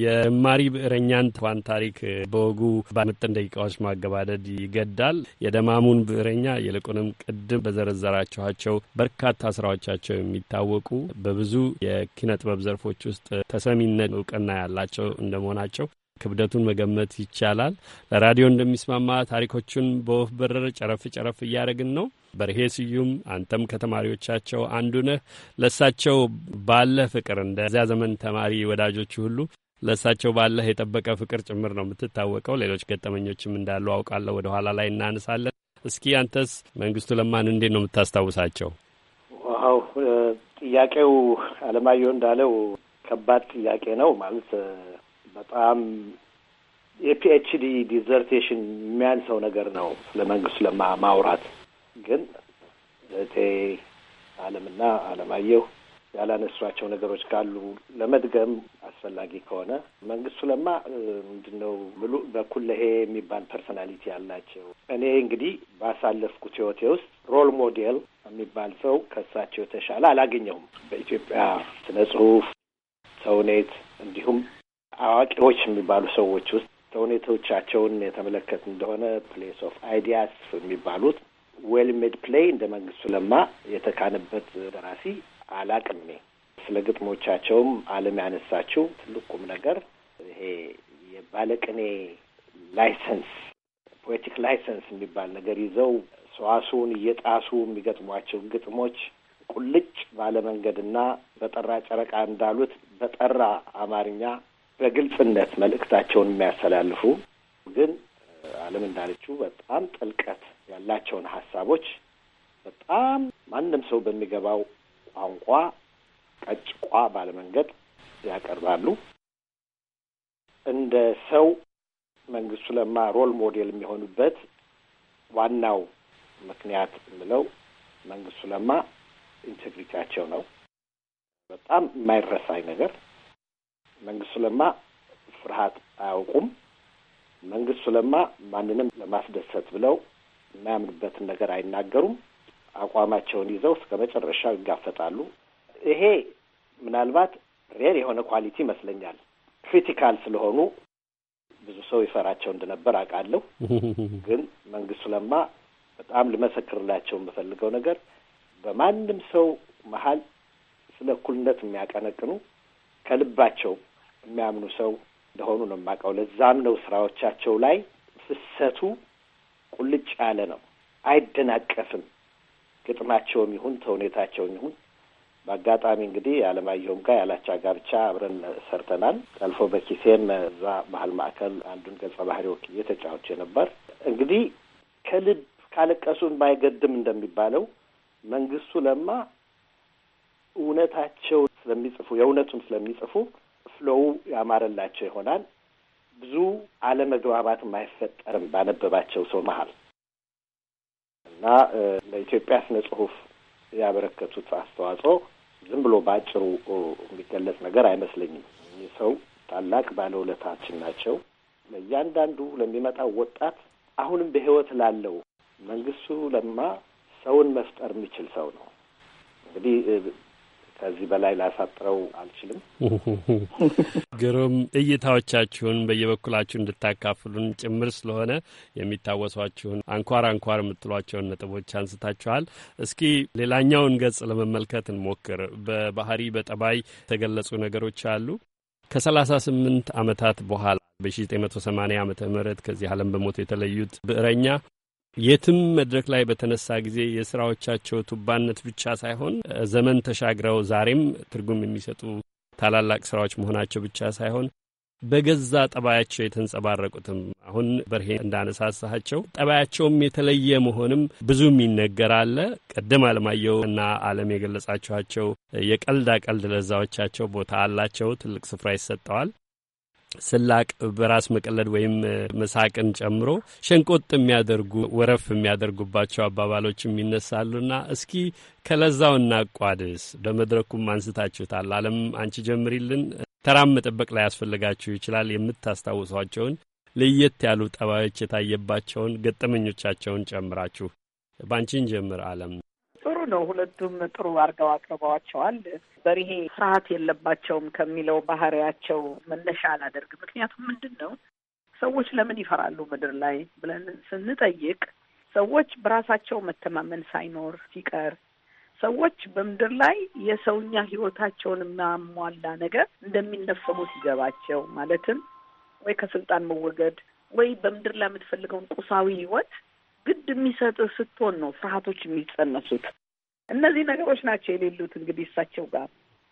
የማሪ ብዕረኛን ተዋን ታሪክ በወጉ በምጥን ደቂቃዎች ማገባደድ ይገዳል። የደማሙን ብዕረኛ ይልቁንም ቅድም በዘረዘራችኋቸው በርካታ ስራዎቻቸው የሚታወቁ በብዙ የኪነ ጥበብ ዘርፎች ውስጥ ተሰሚነት እውቅና ያላቸው እንደመሆናቸው ክብደቱን መገመት ይቻላል። ለራዲዮ እንደሚስማማ ታሪኮቹን በወፍ በረር ጨረፍ ጨረፍ እያደረግን ነው። በርሄ ስዩም፣ አንተም ከተማሪዎቻቸው አንዱ ነህ። ለሳቸው ባለ ፍቅር እንደዚያ ዘመን ተማሪ ወዳጆች ሁሉ ለእሳቸው ባለህ የጠበቀ ፍቅር ጭምር ነው የምትታወቀው። ሌሎች ገጠመኞችም እንዳሉ አውቃለሁ። ወደ ኋላ ላይ እናነሳለን። እስኪ አንተስ መንግስቱ ለማን እንዴት ነው የምታስታውሳቸው? ዋው ጥያቄው አለማየሁ እንዳለው ከባድ ጥያቄ ነው። ማለት በጣም የፒኤችዲ ዲዘርቴሽን የሚያንሰው ነገር ነው ስለ መንግስቱ ለማ ማውራት። ግን እቴ አለምና አለማየሁ ያላነሷቸው ነገሮች ካሉ ለመድገም አስፈላጊ ከሆነ መንግስቱ ለማ ምንድነው በኩል ለሄ የሚባል ፐርሶናሊቲ ያላቸው እኔ እንግዲህ ባሳለፍኩት ህይወቴ ውስጥ ሮል ሞዴል የሚባል ሰው ከእሳቸው የተሻለ አላገኘሁም። በኢትዮጵያ ስነ ጽሁፍ ተውኔት፣ እንዲሁም አዋቂዎች የሚባሉ ሰዎች ውስጥ ተውኔቶቻቸውን የተመለከት እንደሆነ ፕሌስ ኦፍ አይዲያስ የሚባሉት ዌል ሜድ ፕሌይ እንደ መንግስቱ ለማ የተካነበት ደራሲ አላቅሜ ስለ ግጥሞቻቸውም አለም ያነሳችው ትልቁም ነገር ይሄ የባለቅኔ ላይሰንስ ፖለቲክ ላይሰንስ የሚባል ነገር ይዘው ሰዋሱን እየጣሱ የሚገጥሟቸው ግጥሞች ቁልጭ ባለመንገድና በጠራ ጨረቃ እንዳሉት በጠራ አማርኛ በግልጽነት መልእክታቸውን የሚያስተላልፉ ግን አለም እንዳለችው በጣም ጥልቀት ያላቸውን ሀሳቦች በጣም ማንም ሰው በሚገባው ቋንቋ ቀጭቋ ባለመንገድ ያቀርባሉ። እንደ ሰው መንግስቱ ለማ ሮል ሞዴል የሚሆኑበት ዋናው ምክንያት የምለው መንግስቱ ለማ ኢንቴግሪቲያቸው ነው። በጣም የማይረሳኝ ነገር መንግስቱ ለማ ፍርሃት አያውቁም። መንግስቱ ለማ ማንንም ለማስደሰት ብለው የማያምንበትን ነገር አይናገሩም። አቋማቸውን ይዘው እስከ መጨረሻው ይጋፈጣሉ። ይሄ ምናልባት ሬር የሆነ ኳሊቲ ይመስለኛል። ክሪቲካል ስለሆኑ ብዙ ሰው ይፈራቸው እንደነበር አውቃለሁ። ግን መንግስቱ ለማ በጣም ልመሰክርላቸው የምፈልገው ነገር በማንም ሰው መሀል ስለ እኩልነት የሚያቀነቅኑ ከልባቸው የሚያምኑ ሰው እንደሆኑ ነው የማውቀው። ለዛም ነው ስራዎቻቸው ላይ ፍሰቱ ቁልጭ ያለ ነው፣ አይደናቀፍም። ግጥማቸውም ይሁን ተውኔታቸውም ይሁን በአጋጣሚ እንግዲህ የአለማየሁም ጋር ያላቻ ጋብቻ አብረን ሰርተናል። ጠልፎ በኪሴም እዛ ባህል ማዕከል አንዱን ገጸ ባህሪ ወክዬ ተጫውቼ ነበር። እንግዲህ ከልብ ካለቀሱ ባይገድም እንደሚባለው መንግስቱ ለማ እውነታቸው ስለሚጽፉ የእውነቱን ስለሚጽፉ ፍሎው ያማረላቸው ይሆናል። ብዙ አለመግባባትም አይፈጠርም ባነበባቸው ሰው መሀል እና ለኢትዮጵያ ስነ ጽሁፍ ያበረከቱት አስተዋጽኦ ዝም ብሎ በአጭሩ የሚገለጽ ነገር አይመስለኝም። እኚህ ሰው ታላቅ ባለውለታችን ናቸው። ለእያንዳንዱ ለሚመጣው ወጣት አሁንም በህይወት ላለው መንግስቱ ለማ ሰውን መፍጠር የሚችል ሰው ነው። እንግዲህ ከዚህ በላይ ላሳጥረው አልችልም። ግሩም እይታዎቻችሁን በየበኩላችሁ እንድታካፍሉን ጭምር ስለሆነ የሚታወሷችሁን አንኳር አንኳር የምትሏቸውን ነጥቦች አንስታችኋል። እስኪ ሌላኛውን ገጽ ለመመልከት እንሞክር። በባህሪ በጠባይ የተገለጹ ነገሮች አሉ። ከሰላሳ ስምንት ዓመታት በኋላ በ1980 ዓ ም ከዚህ ዓለም በሞት የተለዩት ብዕረኛ የትም መድረክ ላይ በተነሳ ጊዜ የስራዎቻቸው ቱባነት ብቻ ሳይሆን ዘመን ተሻግረው ዛሬም ትርጉም የሚሰጡ ታላላቅ ስራዎች መሆናቸው ብቻ ሳይሆን በገዛ ጠባያቸው የተንጸባረቁትም አሁን በርሄ እንዳነሳሳቸው ጠባያቸውም የተለየ መሆንም ብዙም ይነገር አለ። ቀደም አለማየሁ እና አለም የገለጻችኋቸው የቀልዳ ቀልድ ለዛዎቻቸው ቦታ አላቸው፣ ትልቅ ስፍራ ይሰጠዋል። ስላቅ በራስ መቀለድ ወይም መሳቅን ጨምሮ ሸንቆጥ የሚያደርጉ ወረፍ የሚያደርጉባቸው አባባሎችም ይነሳሉና እስኪ ከለዛው እናቋድስ። በመድረኩም አንስታችሁታል። አለም አንቺ ጀምሪልን። ተራም መጠበቅ ላይ ያስፈልጋችሁ ይችላል። የምታስታውሷቸውን ለየት ያሉ ጠባዮች የታየባቸውን ገጠመኞቻቸውን ጨምራችሁ በአንቺን ጀምር አለም። ነው። ሁለቱም ጥሩ አድርገው አቅርበዋቸዋል። በርሄ ፍርሃት የለባቸውም ከሚለው ባህሪያቸው መነሻ አላደርግ። ምክንያቱም ምንድን ነው ሰዎች ለምን ይፈራሉ ምድር ላይ ብለን ስንጠይቅ ሰዎች በራሳቸው መተማመን ሳይኖር ሲቀር ሰዎች በምድር ላይ የሰውኛ ህይወታቸውን የሚያሟላ ነገር እንደሚነፈጉ ሲገባቸው ማለትም ወይ ከስልጣን መወገድ ወይ በምድር ላይ የምትፈልገውን ቁሳዊ ህይወት ግድ የሚሰጥህ ስትሆን ነው ፍርሃቶች የሚጸነሱት። እነዚህ ነገሮች ናቸው የሌሉት እንግዲህ እሳቸው ጋር።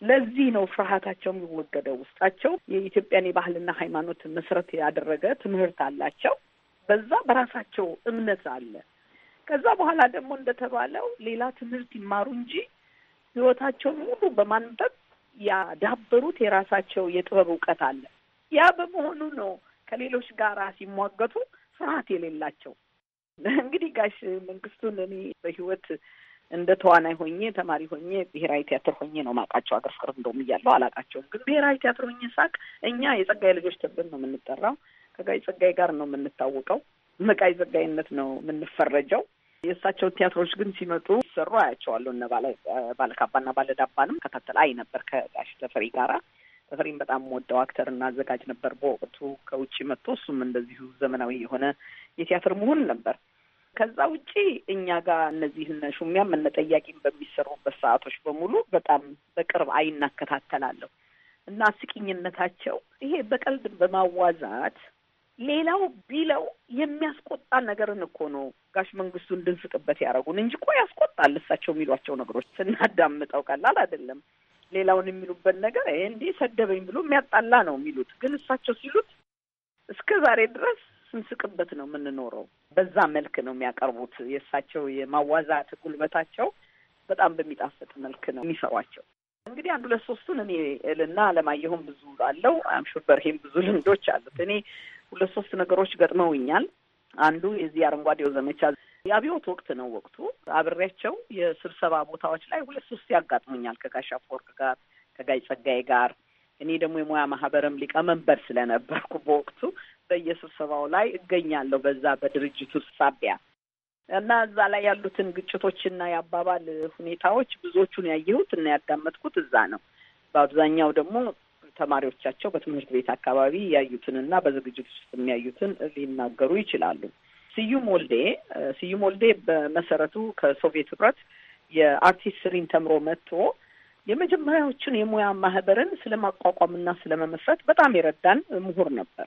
ለዚህ ነው ፍርሃታቸው የሚወገደው። ውስጣቸው የኢትዮጵያን የባህልና ሃይማኖት መሰረት ያደረገ ትምህርት አላቸው። በዛ በራሳቸው እምነት አለ። ከዛ በኋላ ደግሞ እንደተባለው ሌላ ትምህርት ይማሩ እንጂ ህይወታቸውን ሙሉ በማንበብ ያዳበሩት የራሳቸው የጥበብ እውቀት አለ። ያ በመሆኑ ነው ከሌሎች ጋር ሲሟገቱ ፍርሃት የሌላቸው። እንግዲህ ጋሽ መንግስቱን እኔ በህይወት እንደ ተዋናይ ሆኜ ተማሪ ሆኜ ብሔራዊ ቲያትር ሆኜ ነው ማውቃቸው። አገር ፍቅር እንደውም እያለሁ አላውቃቸውም፣ ግን ብሔራዊ ቲያትር ሆኜ ሳቅ እኛ የጸጋይ ልጆች ተብለን ነው የምንጠራው። ከጋይ ጸጋይ ጋር ነው የምንታወቀው። መቃይ ጸጋይነት ነው የምንፈረጀው። የእሳቸው ቲያትሮች ግን ሲመጡ ሰሩ አያቸዋለሁ። እነ ባለካባና ባለዳባንም ከታተል አይ ነበር ከጋሽ ተፈሪ ጋራ ተፈሪም በጣም ወደው አክተር እና አዘጋጅ ነበር በወቅቱ ከውጭ መጥቶ እሱም እንደዚሁ ዘመናዊ የሆነ የቲያትር መሆን ነበር ከዛ ውጪ እኛ ጋር እነዚህ እነ ሹሚያም እነ ጠያቂም በሚሰሩበት ሰዓቶች በሙሉ በጣም በቅርብ አይን እከታተላለሁ እና አስቂኝነታቸው ይሄ በቀልድ በማዋዛት ሌላው ቢለው የሚያስቆጣ ነገርን እኮ ነው ጋሽ መንግስቱ እንድንስቅበት ያደረጉን እንጂ እኮ ያስቆጣል። እሳቸው የሚሏቸው ነገሮች ስናዳምጠው ቀላል አይደለም። ሌላውን የሚሉበት ነገር ይሄ እንዲህ ሰደበኝ ብሎ የሚያጣላ ነው የሚሉት፣ ግን እሳቸው ሲሉት እስከ ዛሬ ድረስ ስንስቅበት ነው የምንኖረው። በዛ መልክ ነው የሚያቀርቡት። የእሳቸው የማዋዛት ጉልበታቸው በጣም በሚጣፍጥ መልክ ነው የሚሰሯቸው። እንግዲህ አንድ ሁለት ሶስቱን እኔ እልና አለማየሁም ብዙ አለው አምሹር በርሄም ብዙ ልምዶች አሉት። እኔ ሁለት ሶስት ነገሮች ገጥመውኛል። አንዱ የዚህ አረንጓዴው ዘመቻ የአብዮት ወቅት ነው ወቅቱ። አብሬያቸው የስብሰባ ቦታዎች ላይ ሁለት ሶስት ያጋጥሙኛል ከጋሽ አፈወርቅ ጋር ከጋይ ጸጋዬ ጋር እኔ ደግሞ የሙያ ማህበርም ሊቀመንበር ስለነበርኩ በወቅቱ በየስብሰባው ላይ እገኛለሁ በዛ በድርጅቱ ሳቢያ እና እዛ ላይ ያሉትን ግጭቶችና የአባባል ሁኔታዎች ብዙዎቹን ያየሁት እና ያዳመጥኩት እዛ ነው። በአብዛኛው ደግሞ ተማሪዎቻቸው በትምህርት ቤት አካባቢ ያዩትንና በዝግጅት ውስጥ የሚያዩትን ሊናገሩ ይችላሉ። ስዩም ወልዴ ስዩም ወልዴ በመሰረቱ ከሶቪየት ህብረት ስሪን ተምሮ መጥቶ የመጀመሪያዎቹን የሙያ ማህበርን ስለማቋቋምና ስለመመስረት በጣም የረዳን ምሁር ነበር።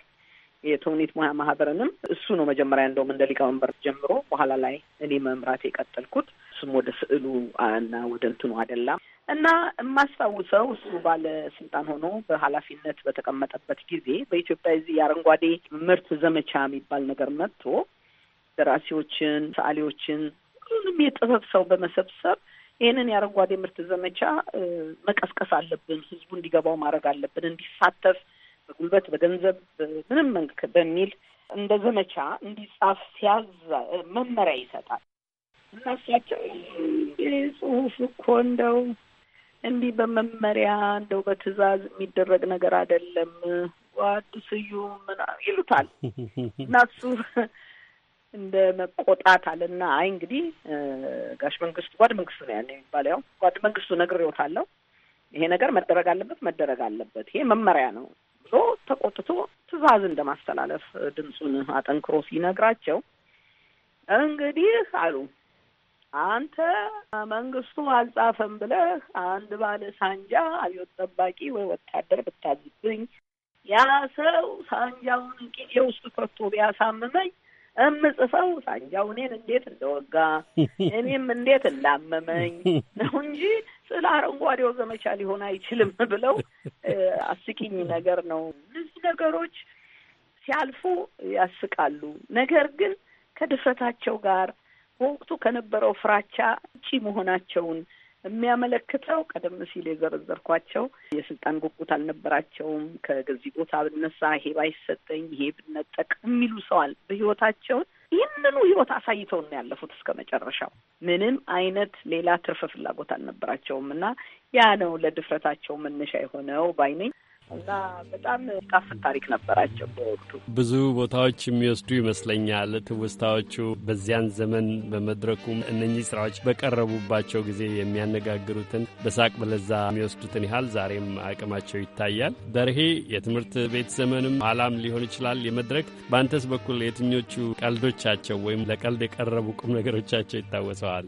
የተውኔት ሙያ ማህበርንም እሱ ነው መጀመሪያ እንደውም እንደ ሊቀመንበር ጀምሮ በኋላ ላይ እኔ መምራት የቀጠልኩት እሱም ወደ ስዕሉ እና ወደ እንትኑ አይደላም እና የማስታውሰው እሱ ባለስልጣን ሆኖ በኃላፊነት በተቀመጠበት ጊዜ በኢትዮጵያ እዚህ የአረንጓዴ ምርት ዘመቻ የሚባል ነገር መጥቶ ደራሲዎችን፣ ሰዓሊዎችን ሁሉንም የጥበብ ሰው በመሰብሰብ ይህንን የአረንጓዴ ምርት ዘመቻ መቀስቀስ አለብን፣ ህዝቡ እንዲገባው ማድረግ አለብን፣ እንዲሳተፍ በጉልበት በገንዘብ ምንም በሚል እንደ ዘመቻ እንዲጻፍ ሲያዝ መመሪያ ይሰጣል እና እሳቸው ጽሁፍ እኮ እንደው እንዲህ በመመሪያ እንደው በትዕዛዝ የሚደረግ ነገር አይደለም። ጓድ ስዩም ምናምን ይሉታል እና እሱ እንደ መቆጣት አለና አይ እንግዲህ ጋሽ መንግስቱ ጓድ መንግስቱ ነው ያለ የሚባለው ያው ጓድ መንግስቱ ነግሬዎታለሁ። ይሄ ነገር መደረግ አለበት መደረግ አለበት። ይሄ መመሪያ ነው ተቆጥቶ ተቆጥቶ ትዕዛዝ እንደማስተላለፍ ድምፁን አጠንክሮ ሲነግራቸው እንግዲህ አሉ አንተ መንግስቱ አልጻፈም ብለህ አንድ ባለ ሳንጃ አብዮት ጠባቂ ወይ ወታደር ብታዝብኝ ያ ሰው ሳንጃውን ቂጤ ውስጥ ከቶ ቢያሳምመኝ እምጽፈው ሳንጃው እኔን እንዴት እንደወጋ እኔም እንዴት እንዳመመኝ ነው እንጂ ስለ አረንጓዴው ዘመቻ ሊሆን አይችልም ብለው አስቂኝ ነገር ነው። እነዚህ ነገሮች ሲያልፉ ያስቃሉ። ነገር ግን ከድፍረታቸው ጋር በወቅቱ ከነበረው ፍራቻ ውጪ መሆናቸውን የሚያመለክተው ቀደም ሲል የዘረዘርኳቸው የስልጣን ጉጉት አልነበራቸውም። ከዚህ ቦታ ብነሳ ይሄ ባይሰጠኝ፣ ይሄ ብነጠቅ የሚሉ ሰዋል በህይወታቸውን ይህንኑ ህይወት አሳይተው ነው ያለፉት እስከ መጨረሻው። ምንም አይነት ሌላ ትርፍ ፍላጎት አልነበራቸውም እና ያ ነው ለድፍረታቸው መነሻ የሆነው ባይነኝ። እና በጣም ጣፍት ታሪክ ነበራቸው በወቅቱ። ብዙ ቦታዎች የሚወስዱ ይመስለኛል ትውስታዎቹ። በዚያን ዘመን በመድረኩም እነኚህ ስራዎች በቀረቡባቸው ጊዜ የሚያነጋግሩትን በሳቅ በለዛ የሚወስዱትን ያህል ዛሬም አቅማቸው ይታያል። በርሄ የትምህርት ቤት ዘመንም ኋላም ሊሆን ይችላል የመድረክ በአንተስ በኩል የትኞቹ ቀልዶቻቸው ወይም ለቀልድ የቀረቡ ቁም ነገሮቻቸው ይታወሰዋል?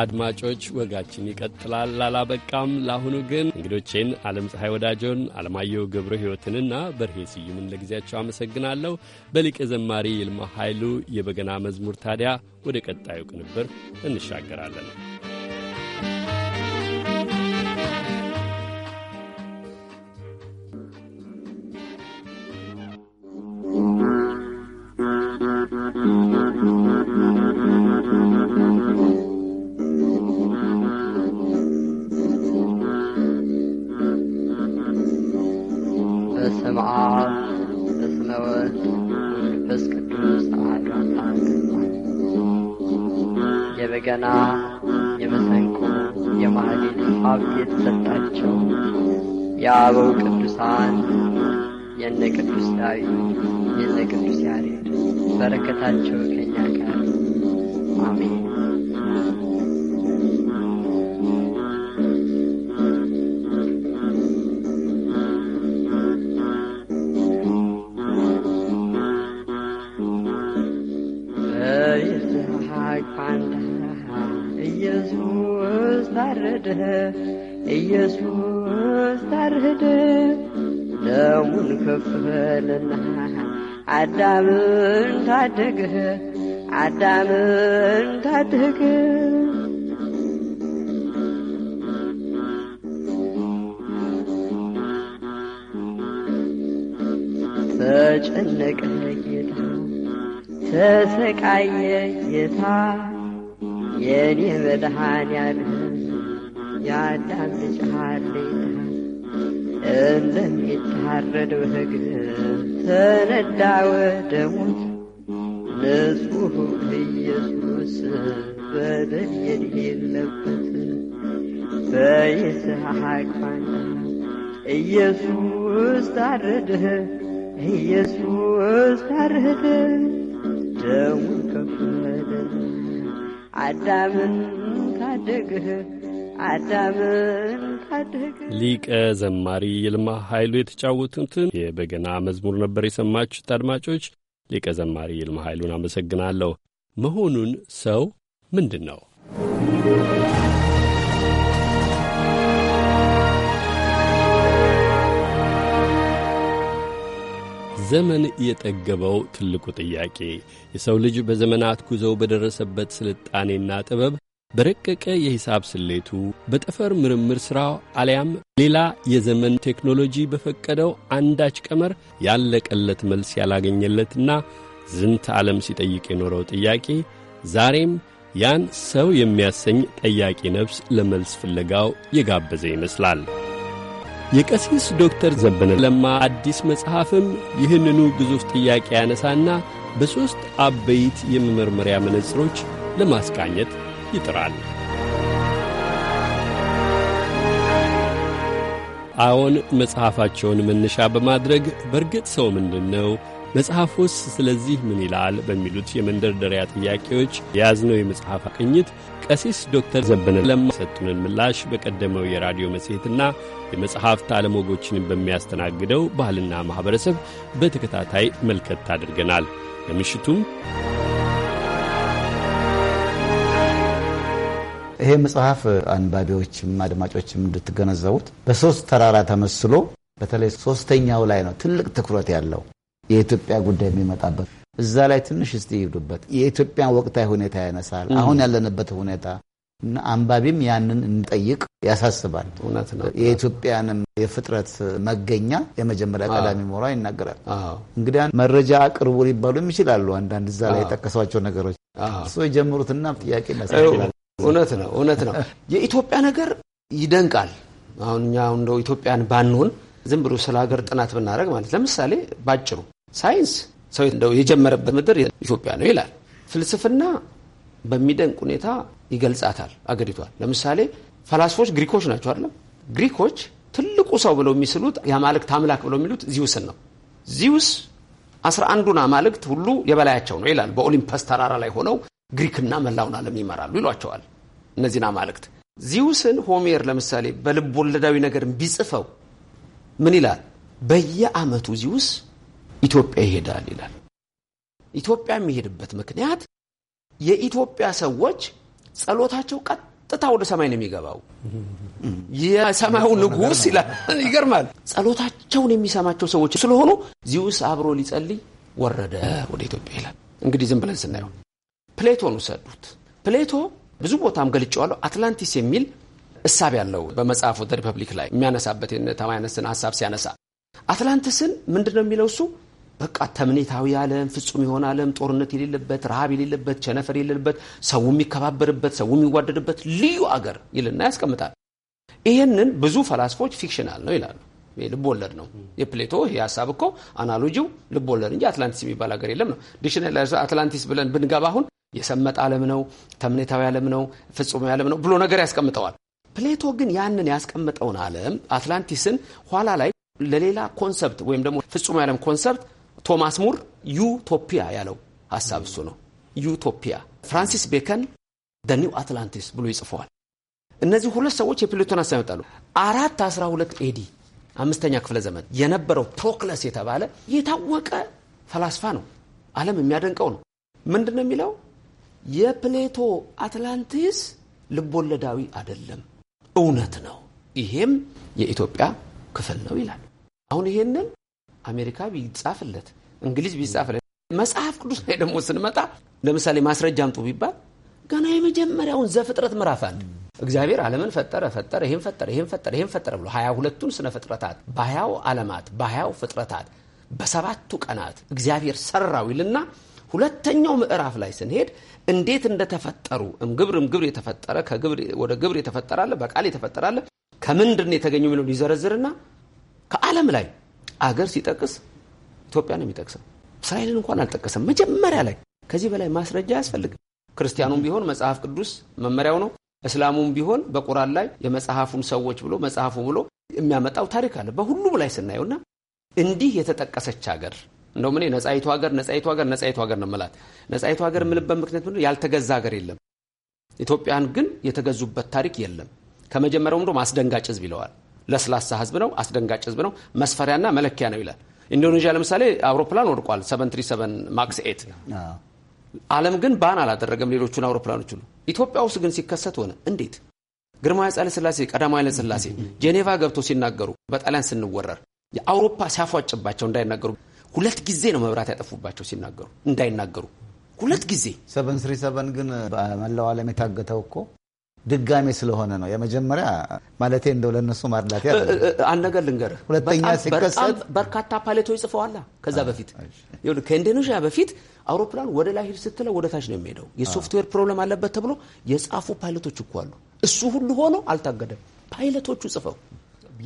አድማጮች ወጋችን ይቀጥላል። ላላበቃም ለአሁኑ ግን እንግዶቼን ዓለም ፀሐይ ወዳጆን፣ አለማየሁ ገብረ ሕይወትንና በርሄ ስዩምን ለጊዜያቸው አመሰግናለሁ። በሊቀ ዘማሪ ይልማ ኃይሉ የበገና መዝሙር ታዲያ ወደ ቀጣዩ ቅንብር እንሻገራለን። ዳዊት የዘ ቅዱስ ያሬድ በረከታቸው ከኛ አዳምን ታደገ አዳምን ታደገ ተጨነቀ ጌታ ተሰቃየ ጌታ የኔ መድኃኔዓለም የአዳም ልጅ ሀሌታ ታረደው እግርህ ተነዳ ወደ ሞት ንጹሕ ኢየሱስ በደል የለበት በይስሐቅ ፋንታ ኢየሱስ ታረደህ ኢየሱስ ታረደ ደሙን ከፈለህ አዳምን ካደግህ አዳምን ሊቀ ዘማሪ ይልማ ኃይሉ የተጫወቱትን የበገና መዝሙር ነበር የሰማችሁት። አድማጮች ሊቀ ዘማሪ ይልማ ኃይሉን አመሰግናለሁ። መሆኑን ሰው ምንድን ነው? ዘመን የጠገበው ትልቁ ጥያቄ የሰው ልጅ በዘመናት ጉዞው በደረሰበት ስልጣኔና ጥበብ በረቀቀ የሂሳብ ስሌቱ በጠፈር ምርምር ሥራው አሊያም ሌላ የዘመን ቴክኖሎጂ በፈቀደው አንዳች ቀመር ያለቀለት መልስ ያላገኘለትና ዝንተ ዓለም ሲጠይቅ የኖረው ጥያቄ ዛሬም ያን ሰው የሚያሰኝ ጠያቂ ነፍስ ለመልስ ፍለጋው የጋበዘ ይመስላል። የቀሲስ ዶክተር ዘበነ ለማ አዲስ መጽሐፍም ይህንኑ ግዙፍ ጥያቄ ያነሳና በሦስት አበይት የመመርመሪያ መነጽሮች ለማስቃኘት ይጥራል። አዎን መጽሐፋቸውን መነሻ በማድረግ በእርግጥ ሰው ምንድን ነው መጽሐፍ ውስጥ ስለዚህ ምን ይላል በሚሉት የመንደርደሪያ ጥያቄዎች የያዝነው የመጽሐፍ ቅኝት ቀሲስ ዶክተር ዘበነ ለማ ምላሽ በቀደመው የራዲዮ መጽሔትና የመጽሐፍት ዓለም ወጎችን በሚያስተናግደው ባህልና ማኅበረሰብ በተከታታይ መልከት አድርገናል። ለምሽቱም ይሄ መጽሐፍ አንባቢዎችም አድማጮችም እንድትገነዘቡት በሶስት ተራራ ተመስሎ በተለይ ሶስተኛው ላይ ነው ትልቅ ትኩረት ያለው የኢትዮጵያ ጉዳይ የሚመጣበት። እዛ ላይ ትንሽ እስቲ ይሄዱበት። የኢትዮጵያን ወቅታዊ ሁኔታ ያነሳል፣ አሁን ያለንበት ሁኔታ አንባቢም ያንን እንጠይቅ ያሳስባል። የኢትዮጵያንም የፍጥረት መገኛ የመጀመሪያ ቀዳሚ ሞራ ይናገራል። እንግዲህ መረጃ አቅርቡ ሊባሉም ይችላሉ። አንዳንድ እዛ ላይ የጠቀሷቸው ነገሮች እሱ የጀምሩትና ጥያቄ እውነት ነው፣ እውነት ነው። የኢትዮጵያ ነገር ይደንቃል። አሁን እኛ እንደው ኢትዮጵያን ባንሆን ዝም ብሎ ስለ ሀገር ጥናት ብናደረግ ማለት ለምሳሌ ባጭሩ ሳይንስ ሰው እንደው የጀመረበት ምድር ኢትዮጵያ ነው ይላል። ፍልስፍና በሚደንቅ ሁኔታ ይገልጻታል አገሪቷል። ለምሳሌ ፈላስፎች ግሪኮች ናቸው አይደለም? ግሪኮች ትልቁ ሰው ብለው የሚስሉት የአማልክት አምላክ ብለው የሚሉት ዚውስን ነው። ዚውስ አስራ አንዱን አማልክት ሁሉ የበላያቸው ነው ይላል። በኦሊምፐስ ተራራ ላይ ሆነው ግሪክና መላውን ዓለም ይመራሉ ይሏቸዋል። እነዚህን አማልክት ዚውስን ሆሜር ለምሳሌ በልብ ወለዳዊ ነገር ቢጽፈው ምን ይላል? በየዓመቱ ዚውስ ኢትዮጵያ ይሄዳል ይላል። ኢትዮጵያ የሚሄድበት ምክንያት የኢትዮጵያ ሰዎች ጸሎታቸው ቀጥታ ወደ ሰማይ ነው የሚገባው። የሰማዩ ንጉስ ይላል። ይገርማል። ጸሎታቸውን የሚሰማቸው ሰዎች ስለሆኑ ዚውስ አብሮ ሊጸልይ ወረደ ወደ ኢትዮጵያ ይላል። እንግዲህ ዝም ብለን ስናየው ፕሌቶን ውሰዱት። ፕሌቶ ብዙ ቦታም ገልጬዋለሁ። አትላንቲስ የሚል እሳብ ያለው በመጽሐፉ ሪፐብሊክ ላይ የሚያነሳበት ተማይነስን ሀሳብ ሲያነሳ አትላንቲስን ምንድን ነው የሚለው እሱ በቃ ተምኔታዊ ዓለም፣ ፍጹም የሆነ ዓለም፣ ጦርነት የሌለበት፣ ረሃብ የሌለበት፣ ቸነፈር የሌለበት፣ ሰው የሚከባበርበት፣ ሰው የሚዋደድበት ልዩ አገር ይልና ያስቀምጣል። ይህንን ብዙ ፈላስፎች ፊክሽናል ነው ይላሉ። ልቦወለድ ነው የፕሌቶ ይሄ ሀሳብ እኮ አናሎጂው ልቦወለድ እንጂ አትላንቲስ የሚባል ሀገር የለም ነው። ዲክሽነሪ አትላንቲስ ብለን ብንገባ አሁን የሰመጠ ዓለም ነው፣ ተምኔታዊ ዓለም ነው፣ ፍጹማዊ ዓለም ነው ብሎ ነገር ያስቀምጠዋል። ፕሌቶ ግን ያንን ያስቀምጠውን ዓለም አትላንቲስን ኋላ ላይ ለሌላ ኮንሰፕት ወይም ደግሞ ፍጹማዊ ዓለም ኮንሰፕት ቶማስ ሙር ዩቶፒያ ያለው ሀሳብ እሱ ነው። ዩቶፒያ ፍራንሲስ ቤከን ደኒው አትላንቲስ ብሎ ይጽፈዋል። እነዚህ ሁለት ሰዎች የፕሌቶን ሀሳብ ያመጣሉ። አራት 12 ኤዲ አምስተኛ ክፍለ ዘመን የነበረው ፕሮክለስ የተባለ የታወቀ ፈላስፋ ነው። ዓለም የሚያደንቀው ነው። ምንድን ነው የሚለው የፕሌቶ አትላንቲስ ልቦለዳዊ አይደለም፣ እውነት ነው። ይሄም የኢትዮጵያ ክፍል ነው ይላል። አሁን ይሄንን አሜሪካ ቢጻፍለት፣ እንግሊዝ ቢጻፍለት፣ መጽሐፍ ቅዱስ ላይ ደግሞ ስንመጣ ለምሳሌ ማስረጃ አምጡ ቢባል ገና የመጀመሪያውን ዘፍጥረት ምዕራፍ አንድ እግዚአብሔር ዓለምን ፈጠረ ፈጠረ ይህም ፈጠረ ይህም ፈጠረ ይህም ፈጠረ ብሎ ሀያ ሁለቱን ስነ ፍጥረታት በሀያው ዓለማት በሀያው ፍጥረታት በሰባቱ ቀናት እግዚአብሔር ሰራው ይልና ሁለተኛው ምዕራፍ ላይ ስንሄድ እንዴት እንደተፈጠሩ እምግብር ግብር የተፈጠረ ወደ ግብር የተፈጠራለ በቃል የተፈጠራለ ከምንድን የተገኘ የሚለውን ይዘረዝርና ከዓለም ላይ አገር ሲጠቅስ ኢትዮጵያ ነው የሚጠቅሰው። እስራኤልን እንኳን አልጠቀሰም መጀመሪያ ላይ። ከዚህ በላይ ማስረጃ አያስፈልግም። ክርስቲያኑም ቢሆን መጽሐፍ ቅዱስ መመሪያው ነው። እስላሙም ቢሆን በቁራን ላይ የመጽሐፉን ሰዎች ብሎ መጽሐፉ ብሎ የሚያመጣው ታሪክ አለ። በሁሉም ላይ ስናየውና እንዲህ የተጠቀሰች ሀገር እንደውም እኔ ነጻይቱ ሀገር ነጻይቱ ሀገር ነጻይቱ ሀገር ነው የምላት። ነጻይቱ ሀገር የምልበት ምክንያት ምንድን ነው? ያልተገዛ ሀገር የለም። ኢትዮጵያን ግን የተገዙበት ታሪክ የለም። ከመጀመሪያው እንደውም አስደንጋጭ ህዝብ ይለዋል። ለስላሳ ህዝብ ነው፣ አስደንጋጭ ህዝብ ነው፣ መስፈሪያና መለኪያ ነው ይላል። ኢንዶኔዥያ ለምሳሌ አውሮፕላን ወድቋል፣ 737 ማክስ 8 ዓለም ግን ባን አላደረገም ሌሎቹን አውሮፕላኖች ሁሉ። ኢትዮጵያ ውስጥ ግን ሲከሰት ሆነ። እንዴት ግርማዊ ኃይለ ሥላሴ ቀዳማዊ ኃይለ ሥላሴ ጄኔቫ ገብቶ ሲናገሩ በጣሊያን ስንወረር የአውሮፓ ሲያፏጭባቸው እንዳይናገሩ ሁለት ጊዜ ነው መብራት ያጠፉባቸው ሲናገሩ እንዳይናገሩ ሁለት ጊዜ። ሰቨን ስሪ ሰቨን ግን በመላው ዓለም የታገተው እኮ ድጋሜ ስለሆነ ነው። የመጀመሪያ ማለቴ እንደው ለእነሱ ማድላት አንድ ነገር ልንገርህ። ሁለተኛ ሲከሰት በርካታ ፓይለቶች ጽፈዋላ። ከዛ በፊት ከኢንዶኔዥያ በፊት አውሮፕላን ወደ ላይ ሂድ ስትለው ወደ ታች ነው የሚሄደው። የሶፍትዌር ፕሮብለም አለበት ተብሎ የጻፉ ፓይለቶች እኮ አሉ። እሱ ሁሉ ሆኖ አልታገደም። ፓይለቶቹ ጽፈው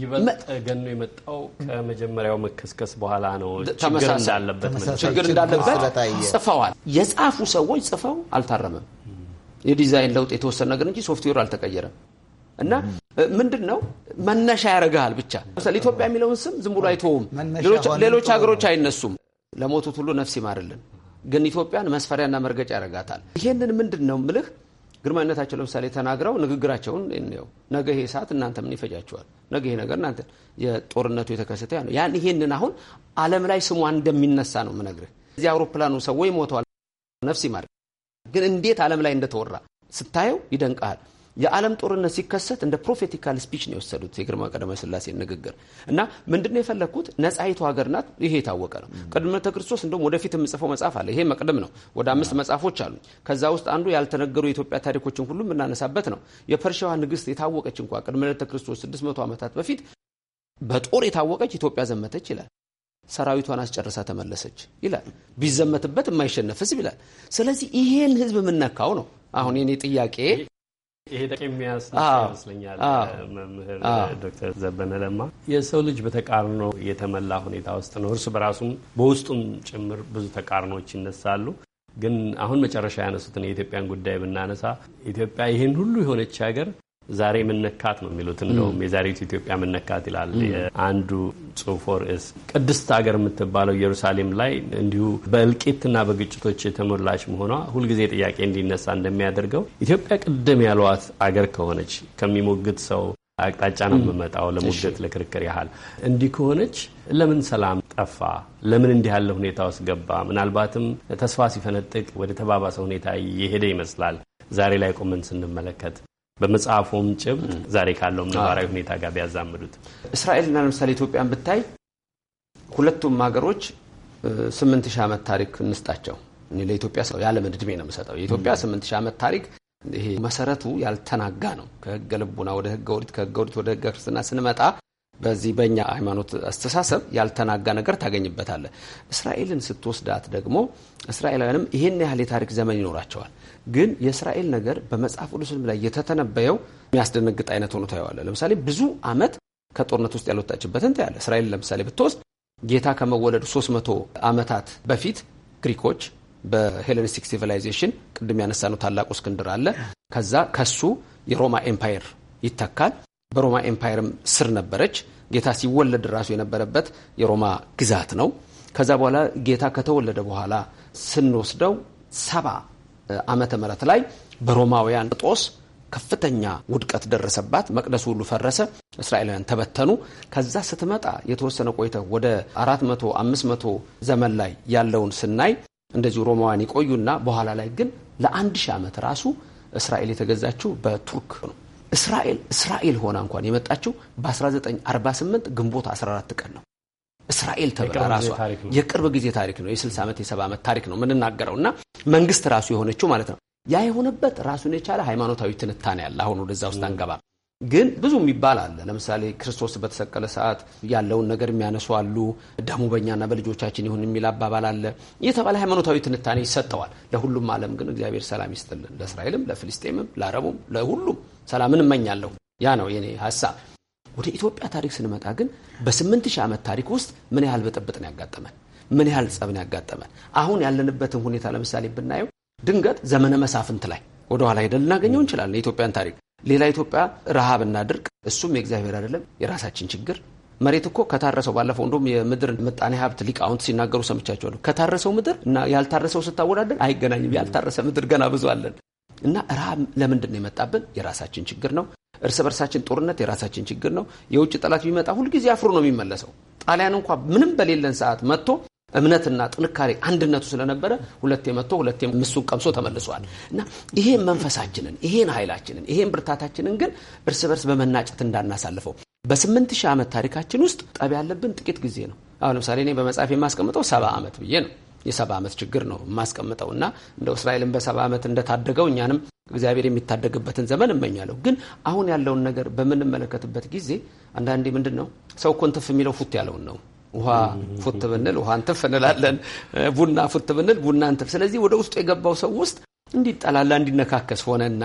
ይበልጥ ገኖ የመጣው ከመጀመሪያው መከስከስ በኋላ ነው። ችግር እንዳለበት ችግር እንዳለበት ጽፈዋል። የጻፉ ሰዎች ጽፈው አልታረመም። የዲዛይን ለውጥ የተወሰነ ነገር እንጂ ሶፍትዌሩ አልተቀየረም። እና ምንድን ነው መነሻ ያደርግሃል ብቻ ለምሳሌ ኢትዮጵያ የሚለውን ስም ዝም ብሎ አይተውም። ሌሎች ሀገሮች አይነሱም። ለሞቱት ሁሉ ነፍስ ይማርልን፣ ግን ኢትዮጵያን መስፈሪያና መርገጫ ያደርጋታል። ይሄንን ምንድን ነው ምልህ ግርማነታቸው ለምሳሌ ተናግረው ንግግራቸውን ው ነገ ይሄ ሰዓት እናንተ ምን ይፈጃቸዋል? ነገ ይሄ ነገር እናንተ የጦርነቱ የተከሰተ ያ ነው። ያን ይሄንን አሁን ዓለም ላይ ስሟ እንደሚነሳ ነው ምነግርህ። እዚህ አውሮፕላኑ ሰው ሞተዋል፣ ነፍስ ይማር። ግን እንዴት ዓለም ላይ እንደተወራ ስታየው ይደንቀሃል። የዓለም ጦርነት ሲከሰት እንደ ፕሮፌቲካል ስፒች ነው የወሰዱት የግርማ ቀዳማዊ ስላሴ ንግግር እና ምንድን ነው የፈለግኩት ነጻይቱ ሀገር ናት። ይሄ የታወቀ ነው። ቅድመተ ክርስቶስ እንደውም ወደፊት የምጽፈው መጽሐፍ አለ። ይሄ መቅደም ነው። ወደ አምስት መጽሐፎች አሉ። ከዛ ውስጥ አንዱ ያልተነገሩ የኢትዮጵያ ታሪኮችን ሁሉ የምናነሳበት ነው። የፐርሺያዋ ንግስት የታወቀች እንኳ ቅድመተ ክርስቶስ 600 ዓመታት በፊት በጦር የታወቀች ኢትዮጵያ ዘመተች ይላል። ሰራዊቷን አስጨርሳ ተመለሰች ይላል። ቢዘመትበት የማይሸነፍ ህዝብ ይላል። ስለዚህ ይሄን ህዝብ የምነካው ነው አሁን የኔ ጥያቄ ይሄ ጠቅ የሚያስነሳ ይመስለኛል። መምህር ዶክተር ዘበነ ለማ የሰው ልጅ በተቃርኖ የተመላ ሁኔታ ውስጥ ነው። እርሱ በራሱም በውስጡም ጭምር ብዙ ተቃርኖች ይነሳሉ። ግን አሁን መጨረሻ ያነሱትን የኢትዮጵያን ጉዳይ ብናነሳ ኢትዮጵያ ይህን ሁሉ የሆነች ሀገር ዛሬ መነካት ነው የሚሉት። እንደውም የዛሬቱ ኢትዮጵያ መነካት ይላል አንዱ ጽሁፎ ርዕስ። ቅድስት ሀገር የምትባለው ኢየሩሳሌም ላይ እንዲሁ በእልቂትና በግጭቶች የተሞላች መሆኗ ሁልጊዜ ጥያቄ እንዲነሳ እንደሚያደርገው ኢትዮጵያ ቅድም ያሏት አገር ከሆነች ከሚሞግት ሰው አቅጣጫ ነው የምመጣው ለሙግት ለክርክር ያህል እንዲህ ከሆነች ለምን ሰላም ጠፋ? ለምን እንዲህ ያለ ሁኔታ ውስጥ ገባ? ምናልባትም ተስፋ ሲፈነጥቅ ወደ ተባባሰ ሁኔታ እየሄደ ይመስላል ዛሬ ላይ ቆመን ስንመለከት በመጽሐፎም ጭብጥ ዛሬ ካለው ነባራዊ ሁኔታ ጋር ቢያዛምዱት እስራኤልና ለምሳሌ ኢትዮጵያን ብታይ ሁለቱም ሀገሮች ስምንት ሺህ ዓመት ታሪክ እንስጣቸው። ለኢትዮጵያ ሰው ያለምን ዕድሜ ነው የምሰጠው። የኢትዮጵያ ስምንት ሺህ ዓመት ታሪክ ይሄ መሰረቱ ያልተናጋ ነው። ከህገ ልቡና ወደ ህገ ኦሪት፣ ከህገ ኦሪት ወደ ህገ ክርስትና ስንመጣ በዚህ በእኛ ሃይማኖት አስተሳሰብ ያልተናጋ ነገር ታገኝበታለ። እስራኤልን ስትወስዳት ደግሞ እስራኤላውያንም ይህን ያህል የታሪክ ዘመን ይኖራቸዋል። ግን የእስራኤል ነገር በመጽሐፍ ቅዱስም ላይ የተተነበየው የሚያስደነግጥ አይነት ሆኖ ታየዋለ። ለምሳሌ ብዙ ዓመት ከጦርነት ውስጥ ያልወጣችበትን ታያለ። እስራኤል ለምሳሌ ብትወስድ ጌታ ከመወለዱ 300 ዓመታት በፊት ግሪኮች በሄለኒስቲክ ሲቪላይዜሽን ቅድም ያነሳ ነው ታላቁ እስክንድር አለ። ከዛ ከሱ የሮማ ኤምፓየር ይተካል። በሮማ ኤምፓየርም ስር ነበረች። ጌታ ሲወለድ ራሱ የነበረበት የሮማ ግዛት ነው። ከዛ በኋላ ጌታ ከተወለደ በኋላ ስንወስደው ሰባ ዓመተ ምህረት ላይ በሮማውያን ጦስ ከፍተኛ ውድቀት ደረሰባት። መቅደሱ ሁሉ ፈረሰ። እስራኤላውያን ተበተኑ። ከዛ ስትመጣ የተወሰነ ቆይተ ወደ አራት መቶ አምስት መቶ ዘመን ላይ ያለውን ስናይ እንደዚሁ ሮማውያን ይቆዩና በኋላ ላይ ግን ለአንድ ሺህ ዓመት ራሱ እስራኤል የተገዛችው በቱርክ ነው። እስራኤል እስራኤል ሆና እንኳን የመጣችው በ1948 ግንቦት 14 ቀን ነው። እስራኤል ተብላ ራሷ የቅርብ ጊዜ ታሪክ ነው። የ60 ዓመት የ70 ዓመት ታሪክ ነው የምንናገረው እና መንግስት ራሱ የሆነችው ማለት ነው። ያ የሆነበት ራሱን የቻለ ሃይማኖታዊ ትንታኔ ያለ አሁን ወደዛ ውስጥ አንገባ። ግን ብዙ የሚባል አለ። ለምሳሌ ክርስቶስ በተሰቀለ ሰዓት ያለውን ነገር የሚያነሱ አሉ። ደሙ በእኛና በልጆቻችን ይሁን የሚል አባባል አለ የተባለ ሃይማኖታዊ ትንታኔ ይሰጠዋል። ለሁሉም ዓለም ግን እግዚአብሔር ሰላም ይስጥልን፣ ለእስራኤልም፣ ለፍልስጤምም፣ ለአረቡም፣ ለሁሉም ሰላምን እመኛለሁ። ያ ነው የኔ ሀሳብ። ወደ ኢትዮጵያ ታሪክ ስንመጣ ግን በስምንት ሺህ ዓመት ታሪክ ውስጥ ምን ያህል ብጥብጥ ነው ያጋጠመን? ምን ያህል ጸብ ነው ያጋጠመን? አሁን ያለንበትን ሁኔታ ለምሳሌ ብናየው ድንገት ዘመነ መሳፍንት ላይ ወደኋላ ሄደን ልናገኘው እንችላለን የኢትዮጵያን ታሪክ ሌላ ኢትዮጵያ ረሃብና ድርቅ እሱም የእግዚአብሔር አይደለም፣ የራሳችን ችግር መሬት እኮ ከታረሰው ባለፈው እንደውም የምድር ምጣኔ ሀብት ሊቃውንት ሲናገሩ ሰምቻቸዋሉ። ከታረሰው ምድር እና ያልታረሰው ስታወዳደር አይገናኝም። ያልታረሰ ምድር ገና ብዙ አለን እና ረሃብ ለምንድን ነው የመጣብን? የራሳችን ችግር ነው። እርስ በርሳችን ጦርነት የራሳችን ችግር ነው። የውጭ ጠላት ቢመጣ ሁልጊዜ አፍሮ ነው የሚመለሰው። ጣሊያን እንኳ ምንም በሌለን ሰዓት መጥቶ እምነትና ጥንካሬ አንድነቱ ስለነበረ ሁለቴ መጥቶ ሁለቴ ምሱን ቀምሶ ተመልሷል እና ይሄን መንፈሳችንን ይሄን ኃይላችንን ይሄን ብርታታችንን ግን እርስ በርስ በመናጨት እንዳናሳልፈው። በስምንት ሺህ ዓመት ታሪካችን ውስጥ ጠብ ያለብን ጥቂት ጊዜ ነው። አሁን ለምሳሌ እኔ በመጽሐፍ የማስቀምጠው ሰባ ዓመት ብዬ ነው። የሰባ ዓመት ችግር ነው የማስቀምጠው እና እንደው እስራኤልን በሰባ ዓመት እንደታደገው እኛንም እግዚአብሔር የሚታደግበትን ዘመን እመኛለሁ። ግን አሁን ያለውን ነገር በምንመለከትበት ጊዜ አንዳንዴ ምንድን ነው ሰው እኮ እንትፍ የሚለው ፉት ያለውን ነው ውሃ ፉት ብንል ውሃ እንትፍ እንላለን። ቡና ፉት ብንል ቡና እንትፍ። ስለዚህ ወደ ውስጡ የገባው ሰው ውስጥ እንዲጠላላ እንዲነካከስ ሆነና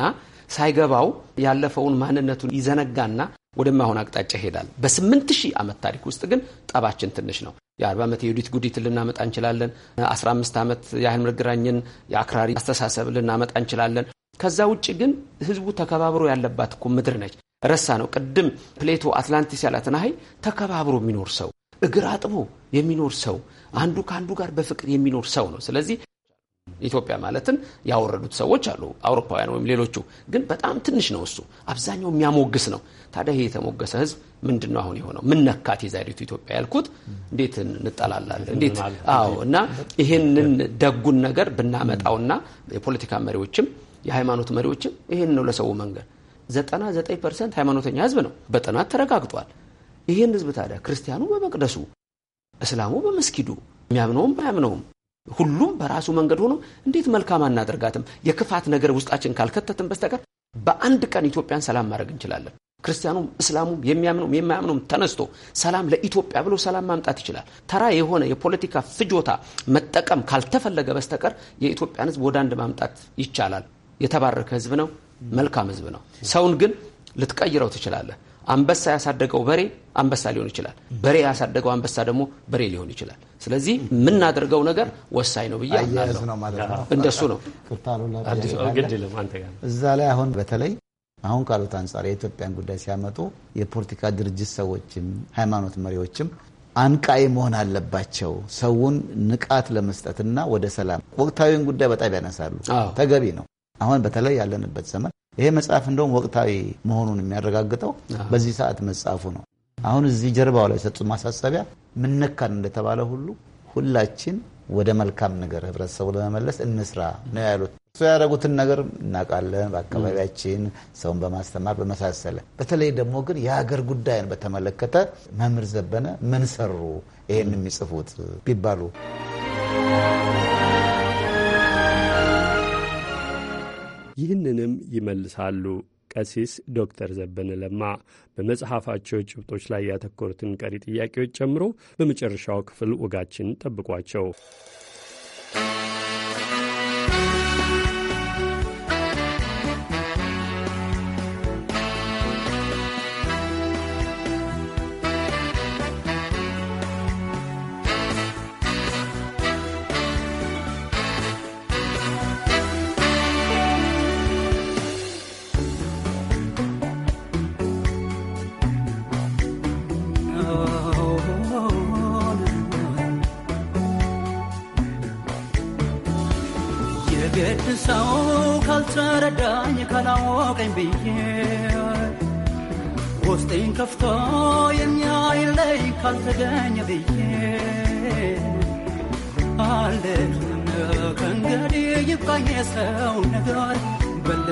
ሳይገባው ያለፈውን ማንነቱን ይዘነጋና ወደማይሆን አቅጣጫ ይሄዳል። በስምንት ሺህ ዓመት ታሪክ ውስጥ ግን ጠባችን ትንሽ ነው። የአርባ ዓመት የዩዲት ጉዲት ልናመጣ እንችላለን። አስራ አምስት ዓመት የአይን ምርግራኝን የአክራሪ አስተሳሰብ ልናመጣ እንችላለን። ከዛ ውጭ ግን ህዝቡ ተከባብሮ ያለባት እኮ ምድር ነች። ረሳ ነው ቅድም ፕሌቶ አትላንቲስ ያላትን ሀይ ተከባብሮ የሚኖር ሰው እግር አጥቦ የሚኖር ሰው አንዱ ከአንዱ ጋር በፍቅር የሚኖር ሰው ነው። ስለዚህ ኢትዮጵያ ማለትን ያወረዱት ሰዎች አሉ፣ አውሮፓውያን ወይም ሌሎቹ። ግን በጣም ትንሽ ነው እሱ፣ አብዛኛው የሚያሞግስ ነው። ታዲያ ይህ የተሞገሰ ህዝብ ምንድን ነው አሁን የሆነው? ምን ነካት የዛሬቱ ኢትዮጵያ ያልኩት? እንዴት እንጠላላለን? እንዴት አዎ። እና ይህንን ደጉን ነገር ብናመጣውና የፖለቲካ መሪዎችም የሃይማኖት መሪዎችም ይህን ነው ለሰው መንገድ ዘጠና ዘጠኝ ፐርሰንት ሃይማኖተኛ ህዝብ ነው፣ በጥናት ተረጋግጧል። ይህን ህዝብ ታዲያ ክርስቲያኑ በመቅደሱ፣ እስላሙ በመስጊዱ፣ የሚያምነውም ባያምነውም ሁሉም በራሱ መንገድ ሆኖ እንዴት መልካም አናደርጋትም? የክፋት ነገር ውስጣችን ካልከተትን በስተቀር በአንድ ቀን ኢትዮጵያን ሰላም ማድረግ እንችላለን። ክርስቲያኑም እስላሙም የሚያምነውም የማያምነውም ተነስቶ ሰላም ለኢትዮጵያ ብሎ ሰላም ማምጣት ይችላል። ተራ የሆነ የፖለቲካ ፍጆታ መጠቀም ካልተፈለገ በስተቀር የኢትዮጵያን ህዝብ ወደ አንድ ማምጣት ይቻላል። የተባረከ ህዝብ ነው። መልካም ህዝብ ነው። ሰውን ግን ልትቀይረው ትችላለህ። አንበሳ ያሳደገው በሬ አንበሳ ሊሆን ይችላል። በሬ ያሳደገው አንበሳ ደግሞ በሬ ሊሆን ይችላል። ስለዚህ የምናደርገው ነገር ወሳኝ ነው ብዬ አምናለሁ። እንደሱ ነው። እዛ ላይ አሁን በተለይ አሁን ካሉት አንጻር የኢትዮጵያን ጉዳይ ሲያመጡ የፖለቲካ ድርጅት ሰዎችም ሃይማኖት መሪዎችም አንቃይ መሆን አለባቸው። ሰውን ንቃት ለመስጠትና ወደ ሰላም ወቅታዊን ጉዳይ በጣም ያነሳሉ። ተገቢ ነው። አሁን በተለይ ያለንበት ዘመን ይሄ መጽሐፍ እንደውም ወቅታዊ መሆኑን የሚያረጋግጠው በዚህ ሰዓት መጽሐፉ ነው። አሁን እዚህ ጀርባው ላይ የሰጡት ማሳሰቢያ ምነካን እንደተባለ ሁሉ ሁላችን ወደ መልካም ነገር ህብረተሰቡ ለመመለስ እንስራ ነው ያሉት። እሱ ያደረጉትን ነገር እናውቃለን፣ በአካባቢያችን ሰውን በማስተማር በመሳሰለ። በተለይ ደግሞ ግን የሀገር ጉዳይን በተመለከተ መምህር ዘበነ ምን ሰሩ ይህን የሚጽፉት ቢባሉ ይህንንም ይመልሳሉ። ቀሲስ ዶክተር ዘበነ ለማ በመጽሐፋቸው ጭብጦች ላይ ያተኮሩትን ቀሪ ጥያቄዎች ጨምሮ በመጨረሻው ክፍል ወጋችን ጠብቋቸው። ከፍቶ የሚያይ ላይ ካልተገኘ ብዬ አለ ከእንግዲህ ይብቃኝ የሰው ነገር በለ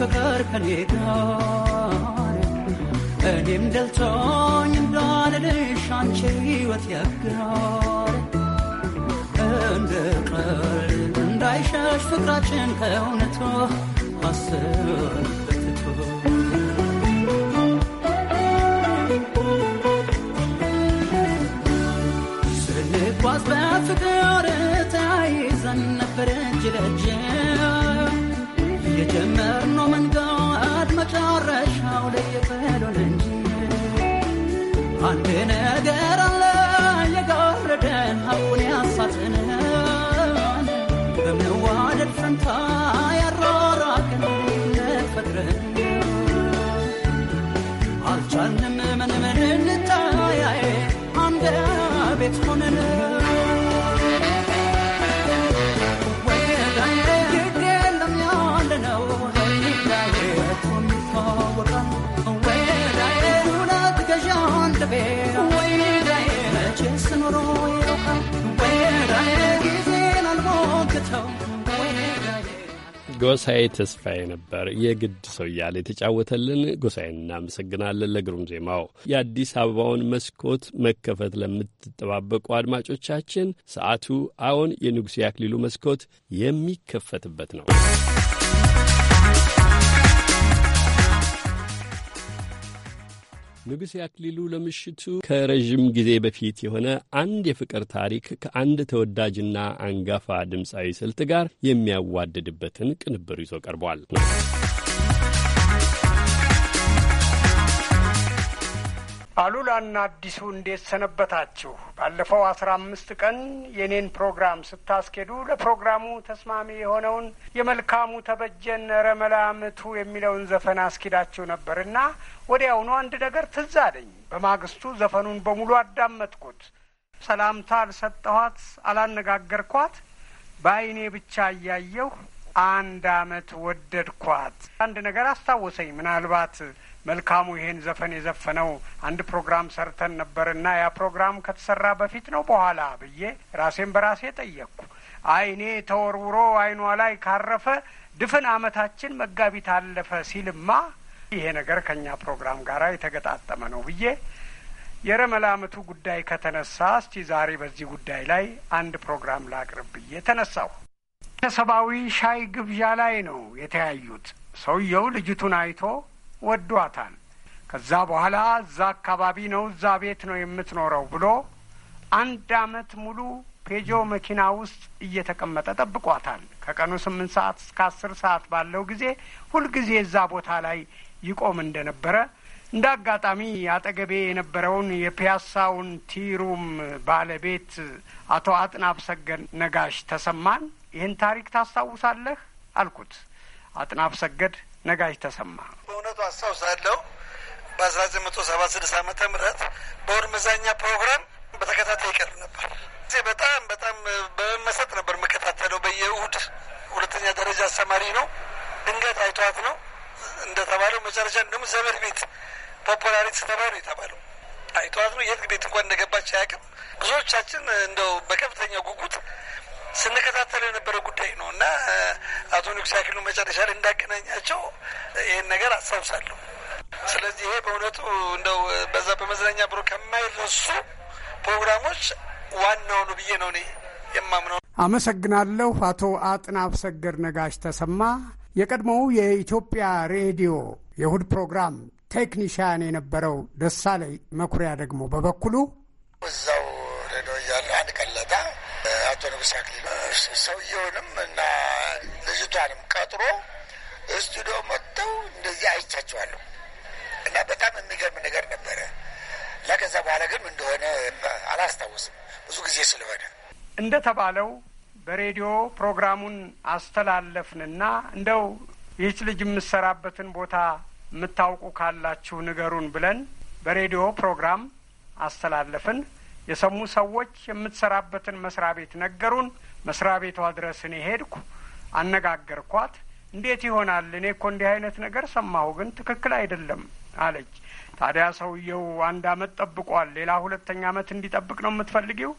ፍቅር ከኔ ጋር እኔም ደልቶኝ እንዳልልሽ አንቺ ህይወት ያጋር አለሽ ፍቅራችን ከእውነቱ አስሩን ፈትቶ ስንጓዝ በፍቅር ተያይዘን ነበር እጅ ለእጅ የጀመርነው መንገድ መጨረሻው ለየቀሉን እንጂ አንድ ነገር ጎሳዬ ተስፋዬ ነበር የግድ ሰው እያለ የተጫወተልን። ጎሳዬን እናመሰግናለን ለግሩም ዜማው። የአዲስ አበባውን መስኮት መከፈት ለምትጠባበቁ አድማጮቻችን ሰዓቱ አሁን የንጉሴ አክሊሉ መስኮት የሚከፈትበት ነው። ንጉሥ ያክሊሉ ለምሽቱ ከረዥም ጊዜ በፊት የሆነ አንድ የፍቅር ታሪክ ከአንድ ተወዳጅና አንጋፋ ድምፃዊ ስልት ጋር የሚያዋድድበትን ቅንብር ይዞ ቀርቧል። አሉላና አዲሱ እንዴት ሰነበታችሁ? ባለፈው አስራ አምስት ቀን የኔን ፕሮግራም ስታስኬዱ ለፕሮግራሙ ተስማሚ የሆነውን የመልካሙ ተበጀን ረመላምቱ የሚለውን ዘፈን አስኪዳችሁ ነበርና ወዲያውኑ አንድ ነገር ትዝ አለኝ። በማግስቱ ዘፈኑን በሙሉ አዳመጥኩት። ሰላምታ አልሰጠኋት፣ አላነጋገርኳት። በአይኔ ብቻ እያየሁ አንድ አመት ወደድኳት። አንድ ነገር አስታወሰኝ ምናልባት መልካሙ ይሄን ዘፈን የዘፈነው አንድ ፕሮግራም ሰርተን ነበርና ያ ፕሮግራም ከተሰራ በፊት ነው በኋላ ብዬ ራሴን በራሴ ጠየቅኩ። አይኔ ተወርውሮ አይኗ ላይ ካረፈ ድፍን አመታችን መጋቢት አለፈ ሲልማ ይሄ ነገር ከእኛ ፕሮግራም ጋር የተገጣጠመ ነው ብዬ የረመላምቱ ጉዳይ ከተነሳ እስቲ ዛሬ በዚህ ጉዳይ ላይ አንድ ፕሮግራም ላቅርብ ብዬ ተነሳሁ። ቤተሰባዊ ሻይ ግብዣ ላይ ነው የተያዩት። ሰውየው ልጅቱን አይቶ ወዷታል። ከዛ በኋላ እዛ አካባቢ ነው እዛ ቤት ነው የምትኖረው ብሎ አንድ አመት ሙሉ ፔጆ መኪና ውስጥ እየተቀመጠ ጠብቋታል። ከቀኑ ስምንት ሰዓት እስከ አስር ሰዓት ባለው ጊዜ ሁልጊዜ እዛ ቦታ ላይ ይቆም እንደነበረ እንደ አጋጣሚ አጠገቤ የነበረውን የፒያሳውን ቲሩም ባለቤት አቶ አጥናፍ ሰገድ ነጋሽ ተሰማን። ይህን ታሪክ ታስታውሳለህ አልኩት። አጥናፍ ሰገድ ነጋጅ ተሰማ በእውነቱ አስታውሳለሁ። በ1976 ዓ ም ስድስት በወር መዛኛ ፕሮግራም በተከታታይ ይቀርብ ነበር። በጣም በጣም በመመሰጥ ነበር የምከታተለው በየእሁድ ሁለተኛ ደረጃ አስተማሪ ነው። ድንገት አይተዋት ነው እንደተባለው መጨረሻ ደግሞ ዘመድ ቤት ፖፖላሪት ስተባ ነው የተባለው አይቷት ነው። የት ቤት እንኳን እንደገባች አያውቅም። ብዙዎቻችን እንደው በከፍተኛ ጉጉት ስንከታተል የነበረ ጉዳይ ነው እና አቶ ንጉሴ አክሉ መጨረሻ ላይ እንዳገናኛቸው ይህን ነገር አስታውሳለሁ። ስለዚህ ይሄ በእውነቱ እንደው በዛ በመዝናኛ ብሮ ከማይረሱ ፕሮግራሞች ዋናው ነው ብዬ ነው እኔ የማምነው። አመሰግናለሁ። አቶ አጥናፍ ሰገድ ነጋሽ ተሰማ የቀድሞው የኢትዮጵያ ሬዲዮ የእሁድ ፕሮግራም ቴክኒሽያን የነበረው ደሳለኝ መኩሪያ ደግሞ በበኩሉ እዛው ሬዲዮ እያለ አንድ ቀለታ አቶ ንጉሥ አክሊል ሰውየውንም እና ልጅቷንም ቀጥሮ ስቱዲዮ መጥተው እንደዚህ አይቻቸዋለሁ እና በጣም የሚገርም ነገር ነበረ ለከዛ በኋላ ግን እንደሆነ አላስታውስም ብዙ ጊዜ ስለሆነ እንደ ተባለው በሬዲዮ ፕሮግራሙን አስተላለፍንና እንደው ይህች ልጅ የምትሰራበትን ቦታ የምታውቁ ካላችሁ ንገሩን ብለን በሬዲዮ ፕሮግራም አስተላለፍን። የሰሙ ሰዎች የምትሰራበትን መስሪያ ቤት ነገሩን። መስሪያ ቤቷ ድረስ እኔ ሄድኩ፣ አነጋገርኳት። እንዴት ይሆናል እኔ እኮ እንዲህ አይነት ነገር ሰማሁ፣ ግን ትክክል አይደለም አለች። ታዲያ ሰውየው አንድ አመት ጠብቋል። ሌላ ሁለተኛ አመት እንዲጠብቅ ነው የምትፈልጊው?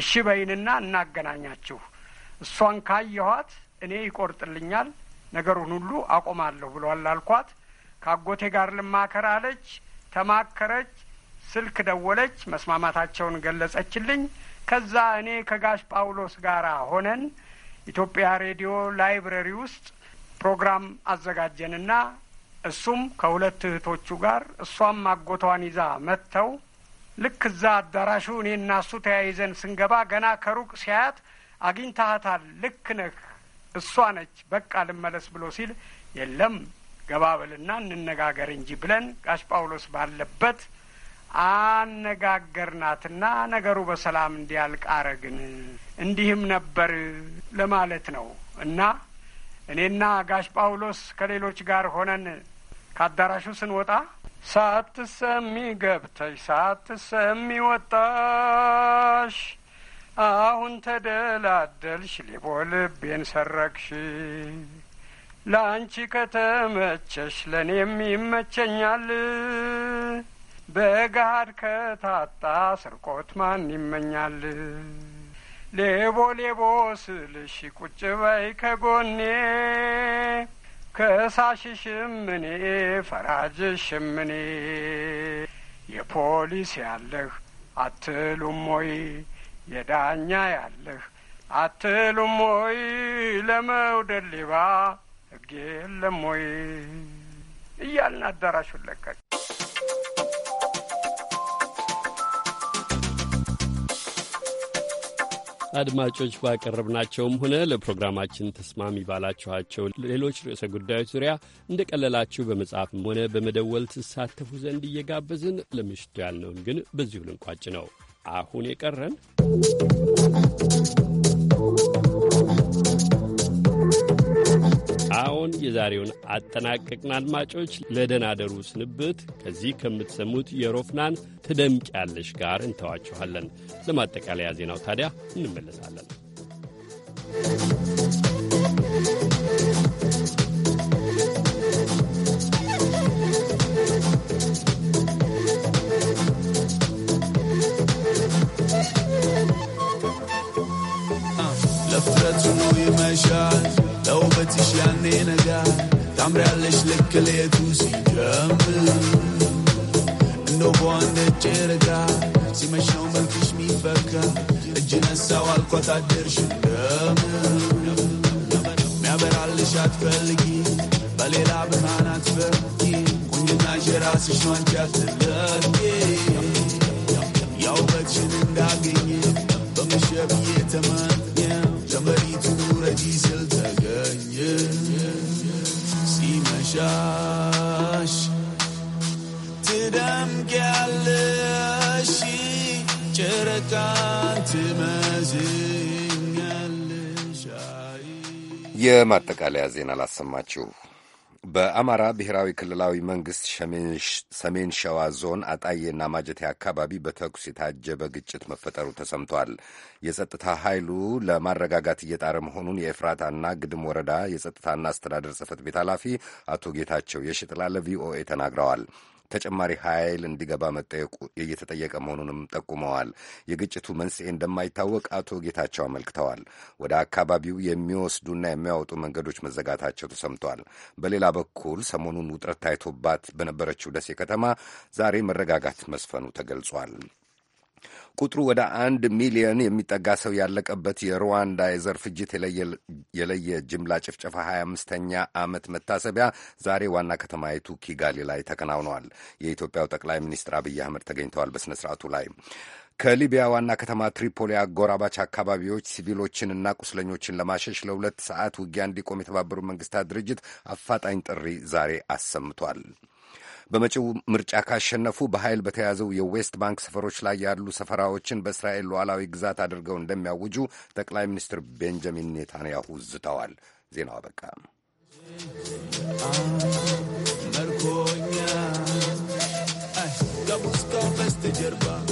እሺ በይንና እናገናኛችሁ። እሷን ካየኋት እኔ ይቆርጥልኛል፣ ነገሩን ሁሉ አቆማለሁ ብሏል አልኳት። ከአጎቴ ጋር ልማከር አለች። ተማከረች። ስልክ ደወለች፣ መስማማታቸውን ገለጸችልኝ። ከዛ እኔ ከጋሽ ጳውሎስ ጋር ሆነን ኢትዮጵያ ሬዲዮ ላይብረሪ ውስጥ ፕሮግራም አዘጋጀንና እሱም ከሁለት እህቶቹ ጋር እሷም አጎቷን ይዛ መጥተው ልክ እዛ አዳራሹ እኔ እና እሱ ተያይዘን ስንገባ ገና ከሩቅ ሲያያት አግኝታሃታል፣ ልክ ነህ፣ እሷ ነች፣ በቃ ልመለስ ብሎ ሲል የለም ገባበልና እንነጋገር እንጂ ብለን ጋሽ ጳውሎስ ባለበት አነጋገርናትና ነገሩ በሰላም እንዲያልቅ አረግን። እንዲህም ነበር ለማለት ነው እና እኔና ጋሽ ጳውሎስ ከሌሎች ጋር ሆነን ከአዳራሹ ስንወጣ ሳትሰሚ ገብተሽ ሳትሰሚ ወጣሽ፣ አሁን ተደላደልሽ፣ ሌቦ ልቤን ሰረቅሽ። ለአንቺ ከተመቸሽ ለእኔም ይመቸኛል በጋድ ከታጣ ስርቆት ማን ይመኛል? ሌቦ ሌቦ ስልሽ ቁጭ በይ ከጎኔ ከሳሽሽም እኔ ፈራጅሽም እኔ የፖሊስ ያለህ አትሉም ወይ የዳኛ ያለህ አትሉም ወይ ለመውደድ ሌባ ህግ የለም ወይ እያልን አዳራሹን ለቀቅ አድማጮች ባቀረብናቸውም ሆነ ለፕሮግራማችን ተስማሚ ባላችኋቸው ሌሎች ርዕሰ ጉዳዮች ዙሪያ ቀለላችሁ በመጻፍም ሆነ በመደወል ትሳተፉ ዘንድ እየጋበዝን ለምሽቱ ያልነውን ግን በዚሁ ልንቋጭ ነው። አሁን የቀረን አሁን የዛሬውን አጠናቀቅን። አድማጮች ለደናደሩ ስንብት ከዚህ ከምትሰሙት የሮፍናን ትደምቅ ያለሽ ጋር እንተዋችኋለን። ለማጠቃለያ ዜናው ታዲያ እንመለሳለን። ለፍረቱ ይመሻል ውበትሽ ያኔ ነጋ ታምሪያለሽ ልክ ሌቱ ሲጀምር እንደ በዋንደ ጭርጋ ሲመሻው መልክሽ ሚፈካ እጅ ነሳው አልኳት አደርሽ ደም ሚያበራልሽ አትፈልጊ በሌላ ብርሃን አትፈርጊ ቁንጅናሽ የራስሽ ነው አትለኪ ያውበትሽን እንዳገኘ በምሸብዬ ተመኘ ጀመሪቱ ረጂ ስልት ሲመሻሽ ትደምቂያለሽ ጨረቃን የማጠቃለያ ዜና ላሰማችሁ። በአማራ ብሔራዊ ክልላዊ መንግስት ሰሜን ሸዋ ዞን አጣዬና ማጀቴ አካባቢ በተኩስ የታጀበ ግጭት መፈጠሩ ተሰምቷል። የጸጥታ ኃይሉ ለማረጋጋት እየጣረ መሆኑን የኤፍራታና ግድም ወረዳ የጸጥታና አስተዳደር ጽህፈት ቤት ኃላፊ አቶ ጌታቸው የሽጥላ ለቪኦኤ ተናግረዋል። ተጨማሪ ኃይል እንዲገባ መጠየቁ እየተጠየቀ መሆኑንም ጠቁመዋል። የግጭቱ መንስኤ እንደማይታወቅ አቶ ጌታቸው አመልክተዋል። ወደ አካባቢው የሚወስዱና የሚያወጡ መንገዶች መዘጋታቸው ተሰምቷል። በሌላ በኩል ሰሞኑን ውጥረት ታይቶባት በነበረችው ደሴ ከተማ ዛሬ መረጋጋት መስፈኑ ተገልጿል። ቁጥሩ ወደ አንድ ሚሊዮን የሚጠጋ ሰው ያለቀበት የሩዋንዳ የዘር ፍጅት የለየ ጅምላ ጭፍጨፋ 25 አምስተኛ ዓመት መታሰቢያ ዛሬ ዋና ከተማይቱ ኪጋሊ ላይ ተከናውነዋል። የኢትዮጵያው ጠቅላይ ሚኒስትር አብይ አህመድ ተገኝተዋል በሥነ ሥርዓቱ ላይ። ከሊቢያ ዋና ከተማ ትሪፖሊ አጎራባች አካባቢዎች ሲቪሎችንና ቁስለኞችን ለማሸሽ ለሁለት ሰዓት ውጊያ እንዲቆም የተባበሩት መንግስታት ድርጅት አፋጣኝ ጥሪ ዛሬ አሰምቷል። በመጪው ምርጫ ካሸነፉ በኃይል በተያዘው የዌስት ባንክ ሰፈሮች ላይ ያሉ ሰፈራዎችን በእስራኤል ሉዓላዊ ግዛት አድርገው እንደሚያውጁ ጠቅላይ ሚኒስትር ቤንጃሚን ኔታንያሁ ዝተዋል። ዜናው አበቃ። ከሙስካው በስተጀርባ